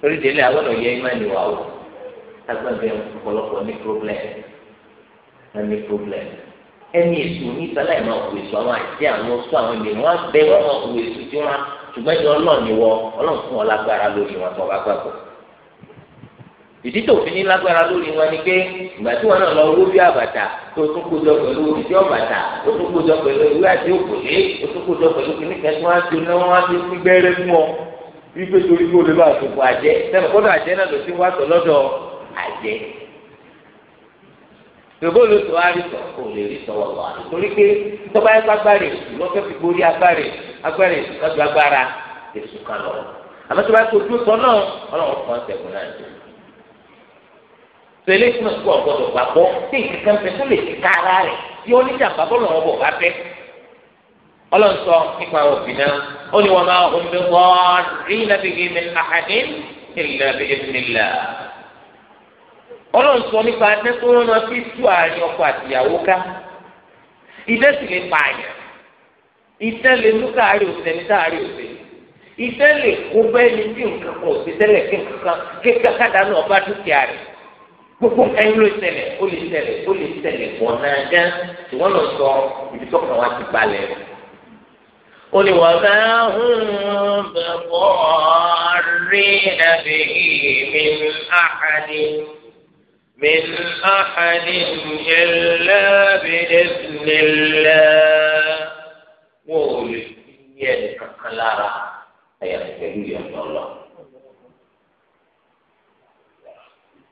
S1: torí délé agbọ́dọ̀ yẹ ẹ má ní wa o agbọ́dọ̀ ọ̀pọ̀lọpọ̀ ní problem ẹ ní problem ẹni èso ní sáláì máa kó èso àwọn àti àwọn sọ àwọn ènìyàn wọn bẹ wọn máa kó èso tí wọn ṣùgbọ́n ìjọ ọlọ́run ni wọ ọlọ́run fún ọ lágbára lórí wọn tó bá gbàgbọ́ ìdí tó fi ní lágbára lórí wọn ni pé ìgbà tí wọn náà lọ owó bí àbàtà tó tún kójọ pẹ̀lú ìdí ọ̀bàtà tó tún kójọ pẹ̀lú ìwé àti òkòlé tó tún kójọ pẹ̀lú kìnnìkan tí wọ́n á ti náwó wọ́n á ti fún gbẹ́rẹ́ fún ọ wípé torí kó o lè bá àtòkò àjẹ sẹ́nu àjẹ náà lọ sí wàásù lọ́dọ̀ àjẹ gbogbo olóòtú wa rí sọ kò lè rí sọ wọlọ àná torí pé tọba ẹgbẹ agbára lọfẹ fi borí agbára agbára lọdọ agbára èso kan lọ àmọ́ tọba ẹgbẹ ojú sọ náà Ọlọ́run kan sẹgùn náà jẹ tẹ́lẹ̀ tí mo kú ọgbọ́dọ̀ gbàgbọ́ tí nǹkan fẹ́ tó lè ká ara rẹ tí ó ní jàmbá bọlọ ọbọ bá fẹ́ Ọlọ́run sọ nípa òbí náà ó ní wọn máa ń bẹ wọn rí nàbìgì mi àhàdín ìlànà ìbìnnìlà ọlọ́run sọ nípa ẹni tó wọn máa fi tú àárín ọkọ àtìyàwó ká ìdẹ́ sì lè pa àyàn ìdẹ́ lè mú káàárí òsè ní káàárí òsè ìdẹ́ lè kó bẹ́ẹ̀ni tí nǹkan kan òsè tẹ́lẹ̀ kí nǹkan kéka kádà náà bá dúkìá rẹ̀ gbogbo ẹyin ló ṣẹlẹ̀ ó lè ṣẹlẹ̀ ó lè ṣẹlẹ̀ pọ̀ náà gán tí wọ́n lọ sọ ibi tó kàn wá ti balẹ̀ rẹ̀ ó ní wọ́n bá ń bẹ̀ bọ́ rí nàbẹ̀yìn mi àhàdé. من أحد إلا بإذن الله وولي يدك كلارا أيها الكريم يا الله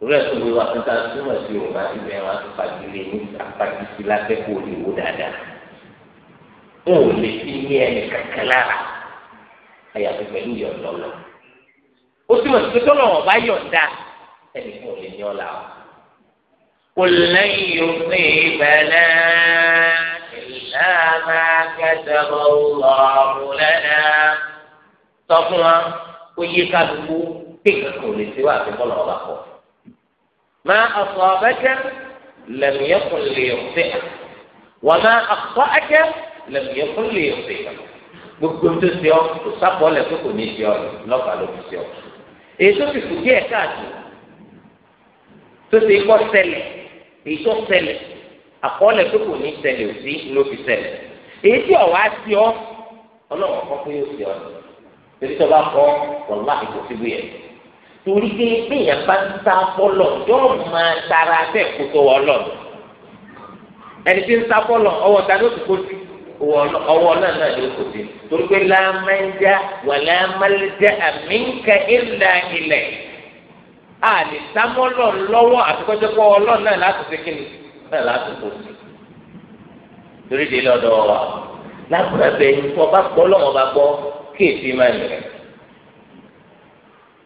S1: torí ẹsùn wo wàá tuntun àti túmọ̀ sí òun àti bẹ́ẹ̀ wọn àti fagilé ní àfagísí lákẹ́kọ̀ọ́ lè wò dáadáa wọn ò lè fi ní ẹnì kankan lára àyàfi pẹ̀lú yọ̀ǹdọ̀ lọ. قل لن يصيبنا إلا ما كتب الله لنا تقوى ويك أبو تكتب لسوى في طلب ما أصابك لم يكن ليخطئك وما أخطأك لم يكن ليخطئك gbogbo tó ṣe ọ kò sábọọlẹ tó kò ní ṣe ọ lọfà ló fi ṣe ọ èyí tó fi kù díẹ̀ káàtó tó ṣe kọ ṣẹlẹ̀ èyí tó ṣẹlẹ̀ àkọọ́lẹ̀ tó kò ní ṣẹlẹ̀ òsì ló fi ṣẹlẹ̀ èyí tí ọ̀wá sí ọ ọlọ́run kọ́ pé yóò sí ọ torí tó bá kọ́ ọ̀la ìkò síbi yẹn torí pé bíyàn bá ń sá bọ́lọ̀ yóò máa tara bẹ́ẹ̀ kó tó wọ́ lọ ẹni tí ń sá bọ́lọ̀ ọwọ́ ta ló ti kó sí ọwọ́ náà náà ló kó sí torí pé lámẹ́ńdá wà lámẹ́lẹ́dá àmínkà ìlà ilẹ̀ a lè dámọ́ lọ lọ́wọ́ àtikọ́jọ́ pọ̀ ọlọ́run náà láti ṣe kí ni náà láti tó sí. torí délé ọ̀dọ̀ wa lágbàbẹ́ ọba gbọ́ lọ́wọ́ ọba gbọ́ kí èsì máa nì rẹ̀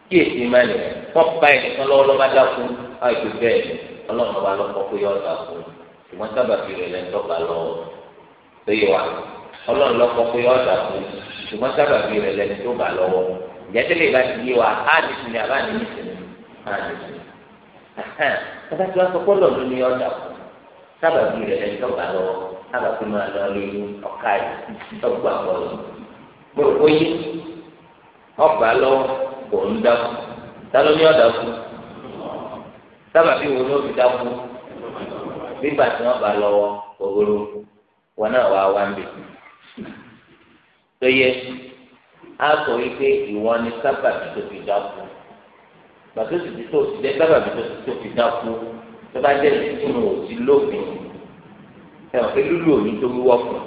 S1: kí èsì máa nì rẹ̀ wọ́n pa ẹnìkan lọ́wọ́ lọ́ba dákú àìkú bẹ́ẹ̀ ọlọ́run ọba lọ́kọ́ pé yọ ọ̀dà kú ṣùgbọ́n sábàbí rẹ̀ lẹ́ńdọ́gba lọ́wọ́ tó yẹ wa ọlọ́run lọ́kọ́ pé yọ ọ̀dà kú ṣùgbọ́n sábàbí rẹ̀ lẹ́ńdọ́gba lọ́wọ́ ìjẹ́tẹ́lẹ̀ ìbá ti yé wa á ní sinmi àbá ní ní sinmi. àlè ẹ̀ka tí wọ́n sọ pé lọ́dún ni ọjà fún sábàbí rẹ̀ lẹ́yìn tọ́gbà lọ́wọ́ sábàbí máa lọ lóyún ọ̀ka yìí tọ́gbà bọ́ọ̀lù gbòòrò yé ọgbà lọ́wọ́ kò ń dákú sálọ́ ní ọ̀dà fún sábàbí wo ló fi dákú bíbà tí wọ́n bá lọ́wọ́ òwúrò wọn náà wá wá ń bì tó yẹ sọ wípé ìwọ ni tó fi dákú. gbàtó sì ti tó ti dẹ sábà bí tó ti tó fi dáko tó bá jẹ ìdí tí mo ò ti lófin ẹ wọn pé lúlù òní tó wíwọ fún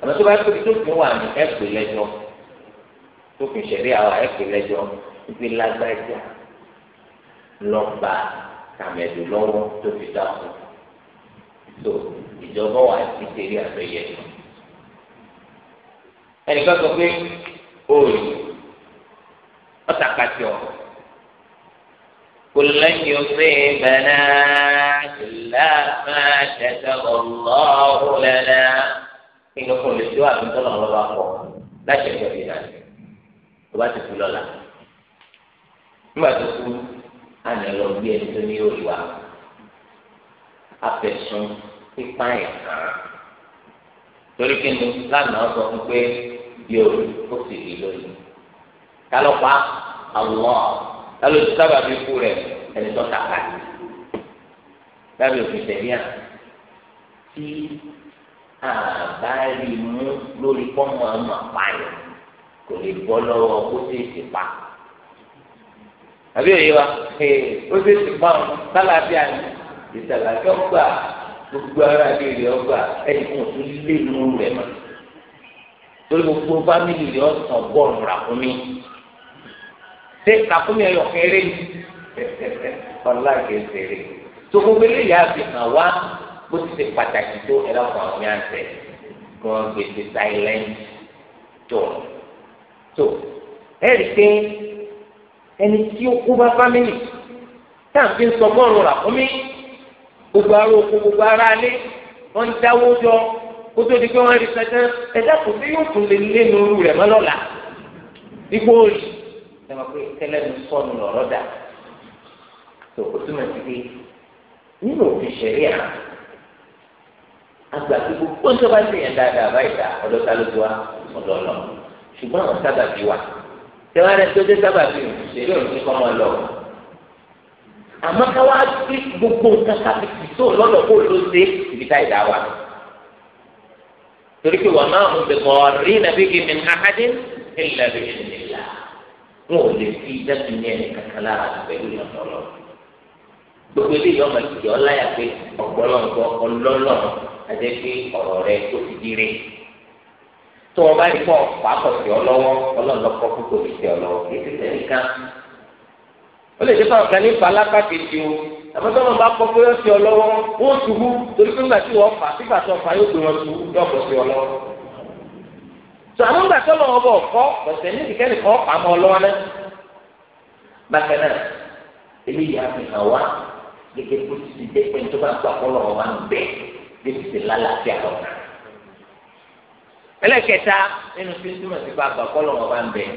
S1: un àmọ́ tó bá tóbi tó fi wà ní ẹgbẹ́ lẹ́jọ́ tó fi ṣẹlẹ àwọn ẹgbẹ́ lẹ́jọ́ ibi lágbájá lọgbà kàmẹdù lọ́wọ́ tó fi dáko tó ìjọba wà ti tẹlé àbẹyẹ ẹnìkan sọ pé òòlù ọ̀tàkàtì ọ̀ كلن يصيبنا إلا ما كتب الله لنا إن كل الدعاء من طلب الله لا شك في ذلك وبات في لولا ما تقول أنا لو بيت دنيا وجوا أفسون في فاين torí kí ni lánàá sọ fún pé yóò ó sì rí lónìí kálọ́pàá àwọ̀ kálọ́tù sábà bí kú rẹ̀ ẹni tó tàkà ní. lábẹ́ òfin tẹ̀lé à tí mu mú lórí pọ́nmọ́ ọmọ àpáyọ̀ kò lè bọ́ lọ́wọ́ kó tètè pa àbí òye wa ó sì ti pa ọ́n sálàbíà ni ìsàlàbí ọgbà gbogbo ara bí rẹ ọgbà ẹni kò tún lé nù rẹ mọ torí gbogbo fámìlì rẹ ọsàn bọ́ọ̀lù rà fún mi ṣé ràkúnmí ẹyọ kéré ni ọlá kékeré tó gbogbo eléyà àfihàn wa bó ti ṣe pàtàkì tó ẹlọ́kọ̀ àwọn yàn tẹ̀ kí wọ́n gbé ṣe silent tó tó ẹ̀rí pé ẹni tí ó kú bá fámìlì táàfin sọ bọ́ọ̀lù ràkúnmí gbogbo ara oko gbogbo ara alé wọ́n ń dáwó jọ kótó di pé wọ́n rí sẹ́tẹ́ ẹ̀dá kò sí yóò tún lè lé nínú rẹ̀ mọ́ lọ́la igbó rí sẹ́wọ́n pé kẹlẹ́ mi sọnù lọ́rọ́ dà tó o túmọ̀ sí pé nínú òfin ṣẹ̀rí à àgbà tí gbogbo ń tọ́ba sí yẹn dáadáa báyìí dá ọ̀dọ́ ta ló ti wá ọ̀dọ́ lọ ṣùgbọ́n àwọn sábà bí wa sẹ́wọ́n rẹ tó dé sábà bí ṣẹ̀rí òun ní kọ́ mọ́ lọ. àmọ́ ká wá sí gbogbo nǹkan káfí tì tó lọ́dọ̀ kó ló ṣe ibi tá ìdá wa. torí pé wàá máa ń bẹ̀rù rí nàbí kí mi ní wọn ò lè fi dábì ní ẹnì kankan lára pẹ̀lú ìyọ̀nọ̀lọ́ gbogbo ilé ìyọ̀mọ̀ ìdí ọláyà pé ọ̀gbọ́lọ́ǹgbọ́ ọlọ́lọ́ àti pé ọ̀rọ̀ rẹ tó ti di rè tó wọn bá rí pọ̀ pàápọ̀ sí ọ lọ́wọ́ ọlọ́ọ̀lọ́kọ́ púpọ̀ sí sí ọ lọ́wọ́ kí ti tẹ̀lé kan ó lè dé fún ọ̀kan nípa alápá o àmọ́ tó wọn bá kọ́ pé ó sí ọ lọ́wọ́ ó ṣubú torí pé ńgbà tí wọ́n fà sígbà tó fà yóò gbé wọn ṣubú yóò bọ̀ sí ọ lọ́wọ́ tó àwọn gbà tó lọ́wọ́ bọ̀ kọ́ ọ̀sẹ̀ níbi kẹ́ni kọ́ pamọ́ ọlọ́wọ́ náà bákan náà èmi yà fi hàn wá gẹ́gẹ́ bó ti ti dé pẹ́ntó bá gbà kọ́ lọ́wọ́ wá bẹ́ bí ti ti lálàáfíà lọ́wọ́ ẹlẹ́kẹta nínú tí túmọ̀ sí bá gbà kọ́ lọ́wọ́ wá bẹ́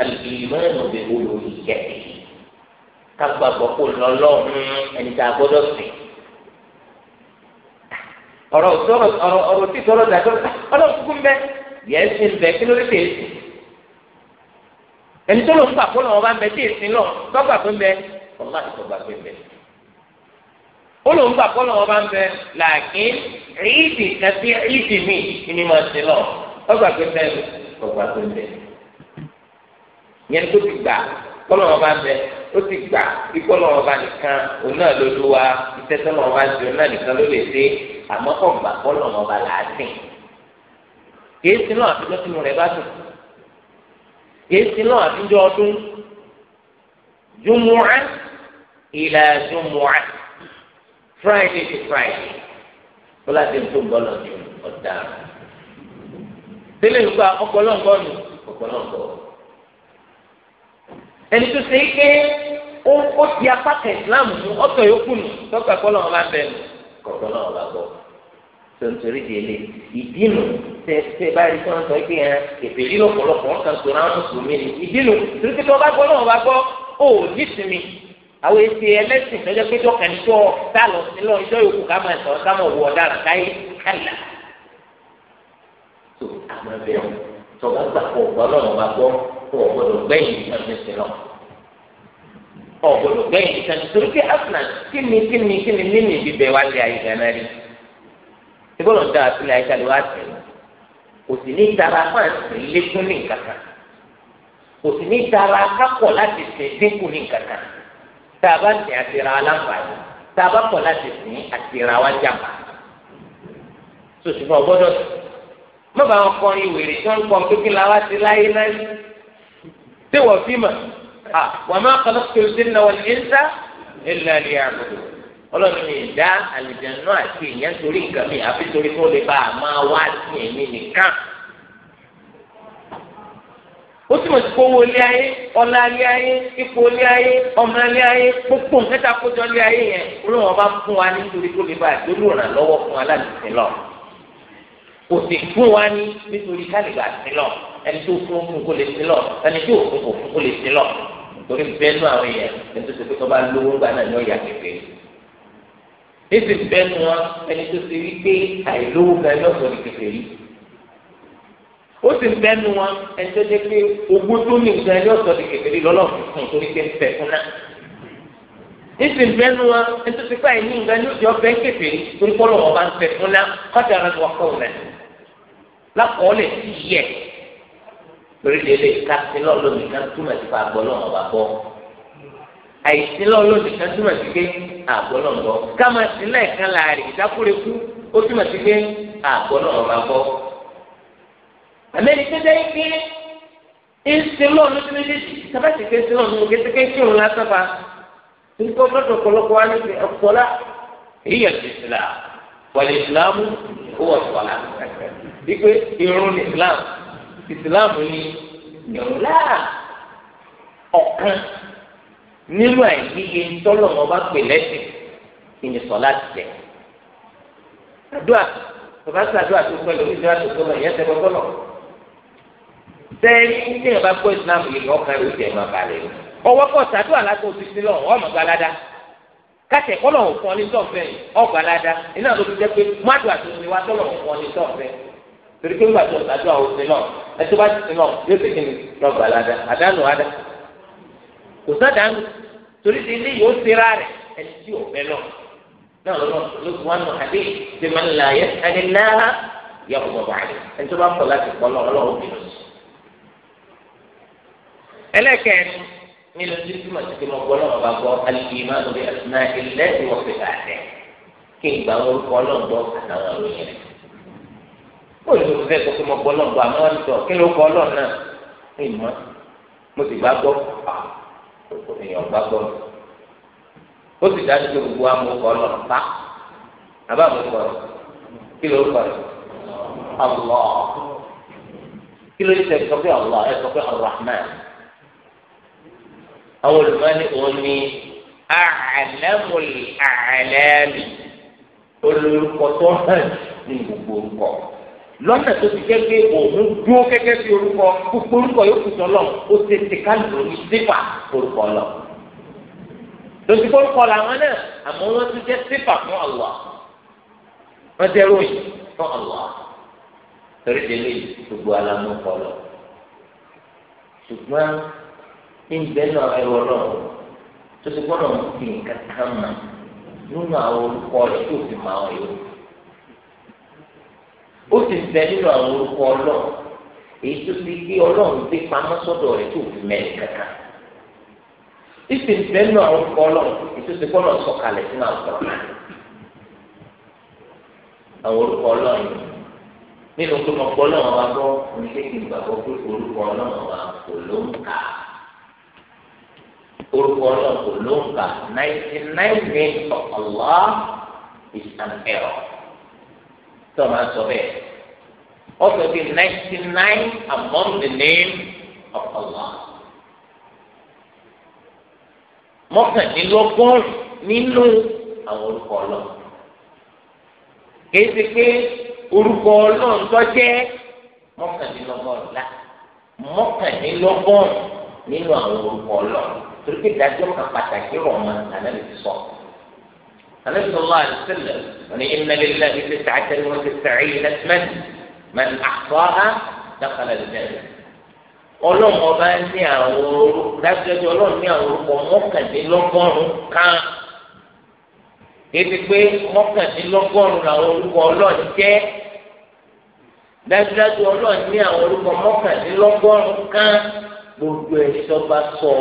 S1: alìmọ́nù bẹ olórí kẹ́kẹ́ kágbàgbọ́ kó lọ́lọ́run ẹni tá a gbọ́dọ̀ sìn ọ̀rọ̀ tí tọ́lọ̀ dàgbọ́ ọlọ́run kúkú yẹn sin bẹ kí ló dé tẹ èsì ẹni tó ló ń gbà kó lọ́wọ́ bá ń bẹ tẹ èsì lọ tọ́gbà pé ń bẹ ọlá ti tọ́gbà pé ń bẹ ó ló ń gbà kó lọ́wọ́ bá ń bẹ làákì ríìdì kàtí ríìdì mi ni mà sí lọ tọ́gbà pé ń bẹ tọ́gbà pé ń bẹ yẹn tó ti gbà kó lọ́wọ́ bá ó ti gbà ikú lọ́wọ́ bá nìkan òun náà ló lù wá iṣẹ́ tó lọ́wọ́ bá òun náà nìkan ló lè ṣe àmọ́ kọ̀ gbà kó lọ́wọ́ bá làásìn kìí sin náà àfijọ́ sínú rẹ̀ bá dùn kìí sin náà àfijọ́ ọdún jumu'a ila jumu'a friday to friday kọ́lá ti tó bọ́lọ̀ ní ọ̀dà tẹ́lẹ̀ nípa ọ̀pọ̀lọpọ̀ ni ọ̀pọ̀lọpọ̀ ẹni tó ṣe é ké ó ti apá kan islam mú ọ̀tọ̀ yòókù nù tọ́ka kọ́lọ́ wọn bá bẹ̀ nù kọ̀ọ̀kan náà tontori délé ìdínú tẹ tẹ báyìí tí wọn sọ pé ẹ èpèlí lọ́pọ̀lọpọ̀ wọn kàn tó náà mùsùlùmí ni ìdínú torí pé tí wọn bá gbọ́ náà wọn bá gbọ́ ó ní sinmi àwọn èsì ẹlẹ́sìn tó jẹ́ pé tó kàn tó tá lọ sí lọ ìjọ yòókù ká máa sọ ká máa wọ ọ̀daràn káyé kálá. tó àmọ́ bẹ́ẹ̀ o tó bá gbà kó ọ̀gbọ́n náà wọn bá gbọ́ kó ọ̀gbọ́dọ̀ gbẹ̀yìn ìtọ́jú sí lọ. ọ̀gbọ́dọ̀ gbẹ̀yìn ìtọ́jú torí pé síbọ̀lọ̀ ń dá àtúnlẹ̀ àyíká lè wá sí i kò sì ní tara máa sì lékún ní nǹkankan kò sì ní tara kápọ̀ láti sì dínkù ní nǹkankan tá a bá sìn àtìrà aláǹfààní tá a bá pọ̀ láti sìn àtìrà wa jàmbá sòṣùpọ̀ gbọ́dọ̀ mọ̀ bá wọn kọrin ìwèrè tí wọ́n ń kọ́ la wá sí láyé náà tí wọ́n fi mọ̀ wọ́n máa kọ́ lọ́kùnrin sínú ní ń sá ẹ̀ lálẹ́ àbúrò ọlọ́run lè dá àlùjànnú àti èèyàn torí nǹkan mi àfi torí kó lè bá a máa wá sí èmi nìkan. ó sì mọ̀ sí pé owó ilé ayé ọlá ilé ayé ipò ilé ayé ọmọ ilé ayé gbogbo nǹkan tá a kó jọ ilé ayé yẹn olóhùn ọba fún wa nítorí kó lè bá a dúró ràn lọ́wọ́ fún aláìsí lọ kò sì fún wa ní nítorí kálíbà sí lọ ẹni tó fún fún kó lè sí lọ ẹni tó fún kò fún kó lè sí lọ torí bẹ́ẹ̀ náà èsì bẹ́nu wọn ẹni tó ṣe wípé àìlówó ga ẹni ọ̀sán ní kẹfẹ́ rí ó sì bẹ́nu wọn ẹni tó jẹ́ pé ogún tó ní nǹkan ẹni ọ̀sán ní kẹfẹ́ rí lọ́lọ́ọ̀fù fún un torí pé ń fẹ́ fún náà èsì bẹ́nu wọn ẹni tó ṣe pé àìní nǹkan ẹni ọ̀sán ọ̀fẹ́ ń kẹfẹ́ rí torí pé ọlọ́wọ́ bá ń fẹ́ fún náà kọ́tà ara wà kọ́ ọ̀nà lákọọ́lẹ̀ sí yẹ torí lè lè ká ká túmọ̀ sí pa àgbọ̀ lọ́wọ́ bá bọ́ àìsí lọ́wọ́ nìkan túmọ̀ sí pé àgbọ̀lọ̀gbọ̀ káma sí lẹ́ẹ̀kan láàrin ìdákúrekú ó túmọ̀ sí pé àgbọ̀lọ̀gbọ̀ bá bọ́. àmẹ́ríkà jẹ́ pé ní kí lásán fa nípa ọ̀pọ̀lọpọ̀ wa níbi ọ̀pọ̀lá ti wàlẹ̀ ìsìlámù ó wọ̀ sọ̀lá ní ìsìlámù ìsìlámù ní nínú àìníye tọ́lọ̀ wọn bá pè lẹ́sìn ìní sọ̀lá ti tẹ̀. àdúrà bàbá sí àdúrà tó pẹ́ lórí ìdúrà tó tọ́lọ̀ ìyẹn tẹ́gbọ́n tọ́lọ̀. sẹ́yìn ní ìyàbá gbọ́ islam yìí ọkàn rẹ̀ ó jẹ́ máa balẹ̀ ọwọ́ pọ̀ sàdúrà lágbo ti sí lọ́wọ́ ọmọ gbalada. kátẹ̀ kọ́lọ̀ òfin ní sọ̀fẹ́ ọ̀gbalada iná ló fi jẹ́ pé mádùá tó kò sádàánù torí ti ilé yóò sera rẹ̀ ẹni tí ò bẹ́ lọ náà lọ́nà ló fi wọn nù adé ṣe máa ń la yẹ ẹni náà yà kó bàbá rẹ̀ ẹni tó bá pọ̀ láti pọ̀ lọ ọlọ́run bì lọ sí. ẹlẹ́kẹ̀ẹ́nu mi ló ti túmọ̀ sí pé mo gbọ́ náà bá gbọ́ alìkìyí máa lórí àtúná ilẹ̀ ìwọ̀n fi bàa tẹ̀ kí ìgbà orúkọ náà gbọ́ àtàwọn òyìn rẹ̀. ó lè fẹ́ kó pé mo gbọ́ náà gbọ́ àmọ́ wọn kí ló kọ́ ọlọ́run náà èèyàn gbàgbọ́ mi ó sì dájú pé gbogbo amúkọ lọ pa àbá amúkọ rẹ kí ló kọ rẹ ọlọ kí ló ṣe sọ pé ọlọ ẹ sọ pé ọrọhman àwọn olùmọ́ni òun ni àlẹ́mùlì àlẹ́mì olórúkọ tó hàn ní gbogbo orúkọ lọ́nà tó ti jẹ́ pé òun dúró gẹ́gẹ́ bí orúkọ gbogbo orúkọ yóò fi sọ́lọ̀ ó ti ti ká lò ní sípà orúkọ lọ. lòsì orúkọ làwọn náà àmọ́ wọ́n ti jẹ́ sípà fún àlọ́ wọ́n jẹ́ ròyìn fún àlọ́ torí délé gbogbo alámú kọ lọ. ṣùgbọ́n ìgbẹ́ náà ẹ̀rọ náà tó ti gbọ́dọ̀ mú kí nǹkan kan mọ̀ nínú àwọn orúkọ rẹ̀ tó fi máa yọ ó sì sẹ nínú àwọn orúkọ ọlọ́run èyí tó ti gbé ọlọ́run gbé pamọ́ sọ́dọ̀ rẹ̀ tó fi mẹ́rin kankan ìsì ń bẹ nínú àwọn orúkọ ọlọ́run èyí tó ti kọ́ náà sọ̀kalẹ̀ sínú àwọn ọ̀rọ̀ àwọn orúkọ ọlọ́run nínú tó mọ̀ pọ́ náà wà gbọ́ oníṣègùn ìgbàgbọ́ pé orúkọ ọlọ́run wà kò ló ń kà orúkọ ọlọ́run kò ló ń kà ninety nine names of Allah is an error tó máa sọ bẹ́ẹ̀ ọsọ bíi ninety nine among the name of Allah mọ́kàndínlọ́gọ́rùn nínú àwọn orúkọ Ọlọ́run kìí ṣe pé orúkọ Ọlọ́run tó jẹ́ mọ́kàndínlọ́gọ́rùn la mọ́kàndínlọ́gọ́rùn nínú àwọn orúkọ Ọlọ́run torí pé ìdájọ́ kan pàtàkì rọ̀ mọ́ ànábì ti sọ̀rọ̀. النبي صلى الله عليه وسلم يعني لله تسعة وتسعين اسما من أحصاها دخل الجنة ọlọ́run ọba ní àwọn orúkọ dájúdájú ọlọ́run ní àwọn orúkọ mọ́kàndínlọ́gọ́rùn-ún kan ebi pé mọ́kàndínlọ́gọ́rùn-ún làwọn orúkọ ọlọ́run jẹ́ dájúdájú ọlọ́run ní àwọn orúkọ mọ́kàndínlọ́gọ́rùn-ún kan gbogbo ẹ̀ṣọ́ bá sọ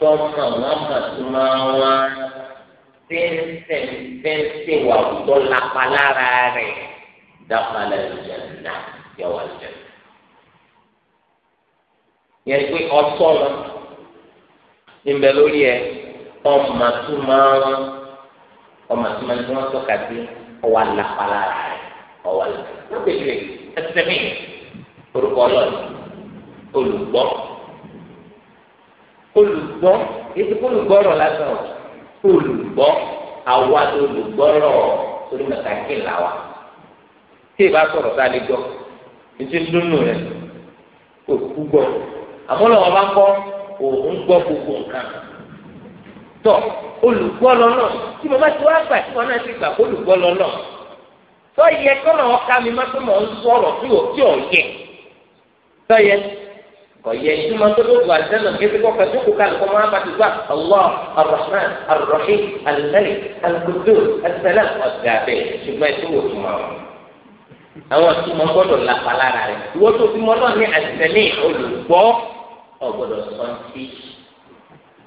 S1: tọ́mọ̀ wọn màtúmọ̀ wọn fẹ́ẹ́fẹ́ fẹ́ẹ́fẹ́ wà òótọ́ lápá lára rẹ̀ dákàlẹ̀ ìjẹ̀nà yọ̀wọ̀ ìjẹ̀nà. yẹn pé ọtọ́ wọn níbẹ̀ lórí ẹ ọmọ tó máa ń ọmọ tó máa ń wọ́n tọ́ka sí ọwọ́ lápá rẹ̀ ọwọ́ lápá. wọ́n ẹsẹ̀ mi orúkọ ọlọ́ọ̀ni olùgbọ́ olùgbọ́ ètò olùgbọ́ ọ̀rọ̀ lásán ọ̀tún. olùgbọ́ àwa olùgbọ́rọ̀ torí màkàkì là wa tí ìbá sọ̀rọ̀ tá a lè gbọ́ etí ń kò kú gbọ́ bá kọ́ òun gbọ́ gbogbo nǹkan tọ́ olùgbọ́ lọ́nà tí mo bá ti wá gbà tí náà ti gbà kó olùgbọ́ lọ́nà tọ́ yẹ kọ́nà mi má tó mọ̀ ń sọ̀rọ̀ tí kọ̀yẹ ìtumọ̀ tó tó gba àdánù kí ẹsẹ̀ kọ́kọ́ tó kó kálí kọ́mọ́ abàtì gbà allah arrahman arrahim alimẹ́lì alikudu ẹsẹ̀lẹ̀ ọ̀gá bẹ́ẹ̀ ṣùgbọ́n ẹtí wò tó máa wọn. àwọn ìtumọ̀ gbọ́dọ̀ lápá lára rẹ̀ wọ́n tó fi mọ́ náà ní àtẹ̀lé olùgbọ́ ọ̀gbọ́dọ̀ sọ́ńtì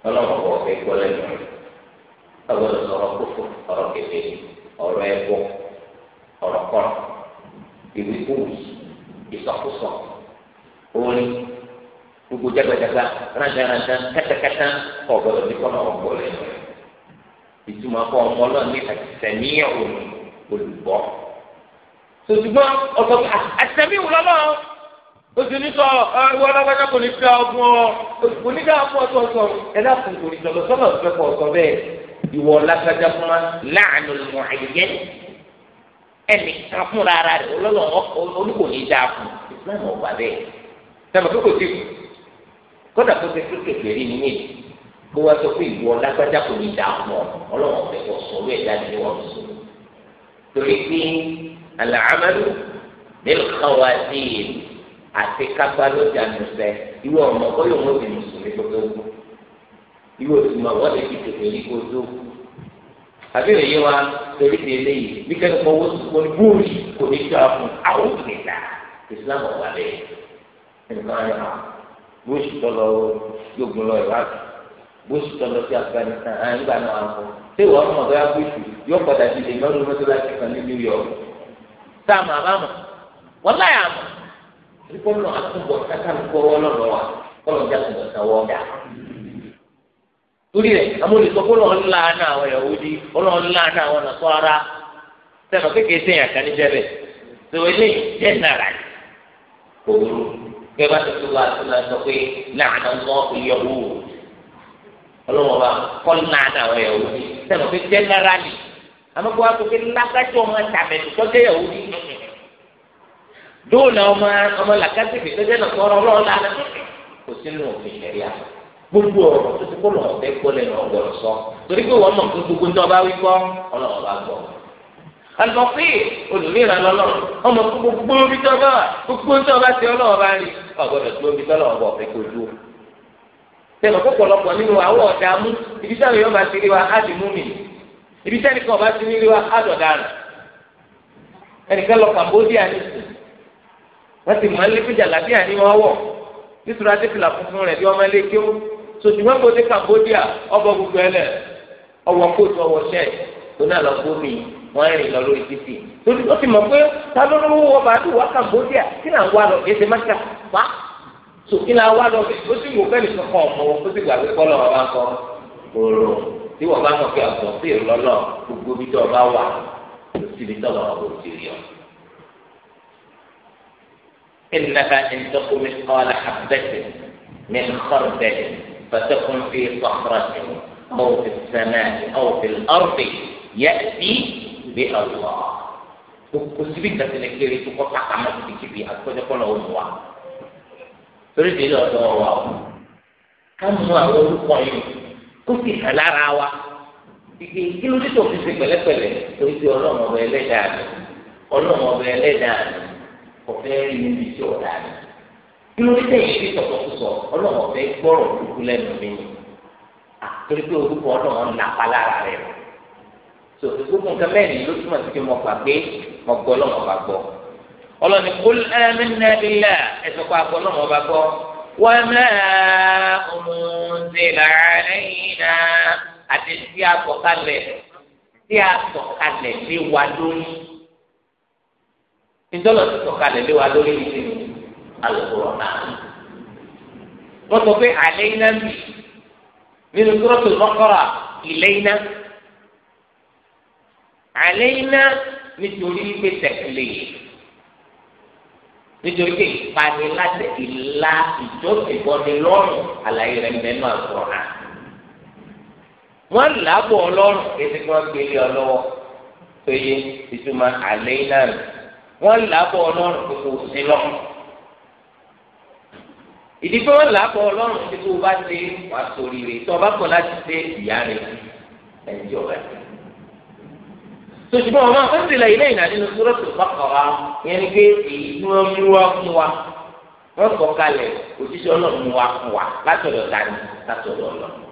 S1: ọlọ́run ọ̀bọ̀ ọ̀fẹ́ gbọ́ lẹ́nu ọ̀gbọ́dọ̀ sọ̀rọ̀ kófò ọ̀rọ̀ kẹfẹ́ ọ̀rọ̀ ẹ̀bọ ọ̀rọ̀ kọ́rọ̀ ìwé gbogbo jagbajagba randaranda katakata ọgbọdọ ní kọlọ ọgbọlẹ ìtumọ̀ akọ ọmọ náà ní àtìsẹmíyà òní olùgbọ́ sòtúmọ ọsọ àtìsẹmíyà lọlọ oṣù nítọ ìwọ alágbádá kò ní fi ọgbọ́n ọ kò ní ká ọgbọ́n ọsọ ọsọ ẹ dákun kò ní sọlọ sọlọ ọsọ ẹkọ ọsọ bẹ́ẹ̀ ìwọ alágbádá fún wa láàánú lọ àyẹyẹ ẹnì kan fúnra rẹ̀ olùkò ní dáa fún islam ọgbà bẹ́ẹ̀ sẹmọ kókò tí kù kódà tó ṣe pé kékeré ní méjì kó wá sọ pé ìwọ lágbájá kò ní dà pọ̀ ọlọ́run ọ̀fẹ́ kò sọ ọ́ ẹ̀dá ni wọ́n sọ torí pé àlàámàlú nílùú kan wá sí ìlú àti kápá ló dà nù sẹ ìwọ ọmọ kọ́ yóò wọ́n ti mùsùlùmí kó tó kú ìwọ sì mọ àwọn ẹ̀dí kékeré kó tó kú àbí òye wa torí ti eléyìí bí kẹ́kẹ́ kọ́ wọ́n sọ ní bóòlì kò ní sọ àfún àwọn òkè ìsìlámù wà bẹ́ẹ̀ nǹkan bush tọlọ yógun lọ iraq bush tọlọ sí afghanistan àyìn nígbà náà wọn kọ ṣé wọn mọ bóyá bush yóò padà di lè lọ́dún mọ́tòláṣí kan ní new york tá a mọ̀ àbámọ̀ wọ́n láyà mọ̀ nígbà náà àtúbọ̀ kákàlùkọ́ ọlọ́run wa kọ́lọ̀ ń jáde lọ́sàn wọ́n dà torí rẹ̀ àwọn olùsọ́kọ́ náà ń láàánú àwọn àwọn Nasara sẹ́nu kékeré sẹ́yìn àkànníjẹ́ bẹ̀ كما تقول الله صلى الله عليه وسلم لعن الله اليهود ọlọ́wọ́n bá kọ́lù náà náà wọ yẹ̀wò bí sẹ́nu fi jẹ́nẹ́rálì amẹ́kọ́ wa tó fi lágbájọ́ ọmọ tàbẹ̀tù tọ́jẹ́ yẹ̀wò bí dóòlà ọmọ ọmọ làkàtìfì tọ́jẹ́ náà sọ̀rọ̀ ọlọ́run lánàá kò sínú òfin ṣẹ̀ríà gbogbo ọ̀rọ̀ tó ti kó lọ́wọ́ fẹ́ gbọ́ lẹ́nu ọ̀gbọ̀n sọ torí pé wọ́n mọ̀ alùpàpì olùmíràn lọ́lọ́ ọmọ gbogbo bí tó bá gbogbo tó bá ti ọlọ́wọ́ bá rí ọ̀gbọ́dọ̀ tó bí tó lọ́wọ́ bọ̀ fẹ́ kó dúró. tẹ̀mọ̀ kó pọ̀lọpọ̀ nínú àwọ̀ ọ̀dààmú ibi táwọn èèyàn bá ti rí wa á di mú mi ibi táwọn ènìkan bá ti rí wa á dọ̀daràn ẹnìkan lọ Cambodia ní sùn wọ́n ti mọ̀ lẹ́fíjà làbíà ní wọ́n wọ̀ nítorí àti fìlà funfun rẹ̀ bí ọmọ ilé kéwú sòtùmọ́ kò dé Cambodia ọbọ̀ wọ́n rìn lọ lórí títì torí ó ti mọ̀ pé tábí ló wọ bàálù wá Cambodia kí là ń wá lọ èsè máṣá wá tó kí là ń wá lọ ó sì wò fẹ́ẹ́ nìkan kan ọ̀pọ̀ ó sì gbà pé kọ́ lọ́wọ́ bá ń tí wọ́n bá mọ̀ pé ọ̀sán sí ìrọ̀lọ́ gbogbo ibi tó ọba wà ló sì ní tọ́lọ̀ ọ̀bọ̀ òjì rí ọ. إنها إن تقوم مثقال حبة من خردل فتكن في صخرة أو في السماء أو في الأرض يأتي bí àwùwà kò síbi ìdásílẹ̀ kéré tó kọ́ kàkà mọ́ kìkìkì àtúkọ́jọ́kọ́lọ́ òun wa torí délé ọ̀dọ́ wa o ká mú àwọn orúkọ yìí kó sì hàn lára wa ìgbè kí ló dé tó fi ṣe pẹ̀lẹ́pẹ̀lẹ́ torí pé ọlọ́run ọba ẹlẹ́dàá mi ọlọ́run ọba ẹlẹ́dàá mi ọ̀fẹ́ rí níbi tí ọ̀dà mi kí ló dé tẹ̀yìn fi sọ̀tọ̀kùsọ ọlọ́run ọ̀fẹ́ gbọ́rọ̀ kúkú lẹ́nu mi torí pé orúkọ ọlọ́run nàpa lára rẹ̀ rẹ̀ so gbogbo nǹkan mẹ́rin ló túmọ̀ sí pé mo gbàgbé mo gbọ́ lọ́mọ bá gbọ́ ọlọ́ni kúl ẹ́mínà ilẹ̀ ẹ̀sùn pa gbọ́ lọ́mọ bá gbọ́ wọ́n máa ń ṣe làálẹ́yìn náà àti tí a sọ kalẹ̀ tí a sọ kalẹ̀ lé wa lórí ìdọ́lọ̀ ti sọ kalẹ̀ lé wa lórí ní alùpùpù náà wọ́n sọ pé àlẹ́ iná bì nínú sọ́rọ́tò mọ́kọ́rà ìlẹ́ iná àléyìnà nítorí pé tẹ̀lé nítorí pé ìpani láti ìlà ìjọsìnbọni lọ́rùn àlàyé rẹ̀ mẹ́nu àgbọ̀n hàn. wọ́n làbọ̀ ọlọ́run ètò kí wọ́n gbélé ọ lọ́wọ́ tó yẹ ìtumọ̀ àléyìnà rẹ̀ wọ́n làbọ̀ ọlọ́run kò kò sí lọ́rùn ìdí pé wọn làákọ Ọlọ́run tí bá ṣe wà sórí rè tí wọn bá kọ láti ṣe ìyá rẹ ẹjọ rẹ sọ̀tùmọ̀ ọmọ ọ̀sẹ̀lẹ̀ ilé ìnà nínú sọ́rọ́sì bàkàrà yẹn ni pé èyí tí wọ́n mú wá fún wa wọ́n sọ kalẹ̀ òṣìṣẹ́ ọlọ́run wá fún wa látọ̀dọ̀ dání látọ̀dọ̀ ọlọ́run.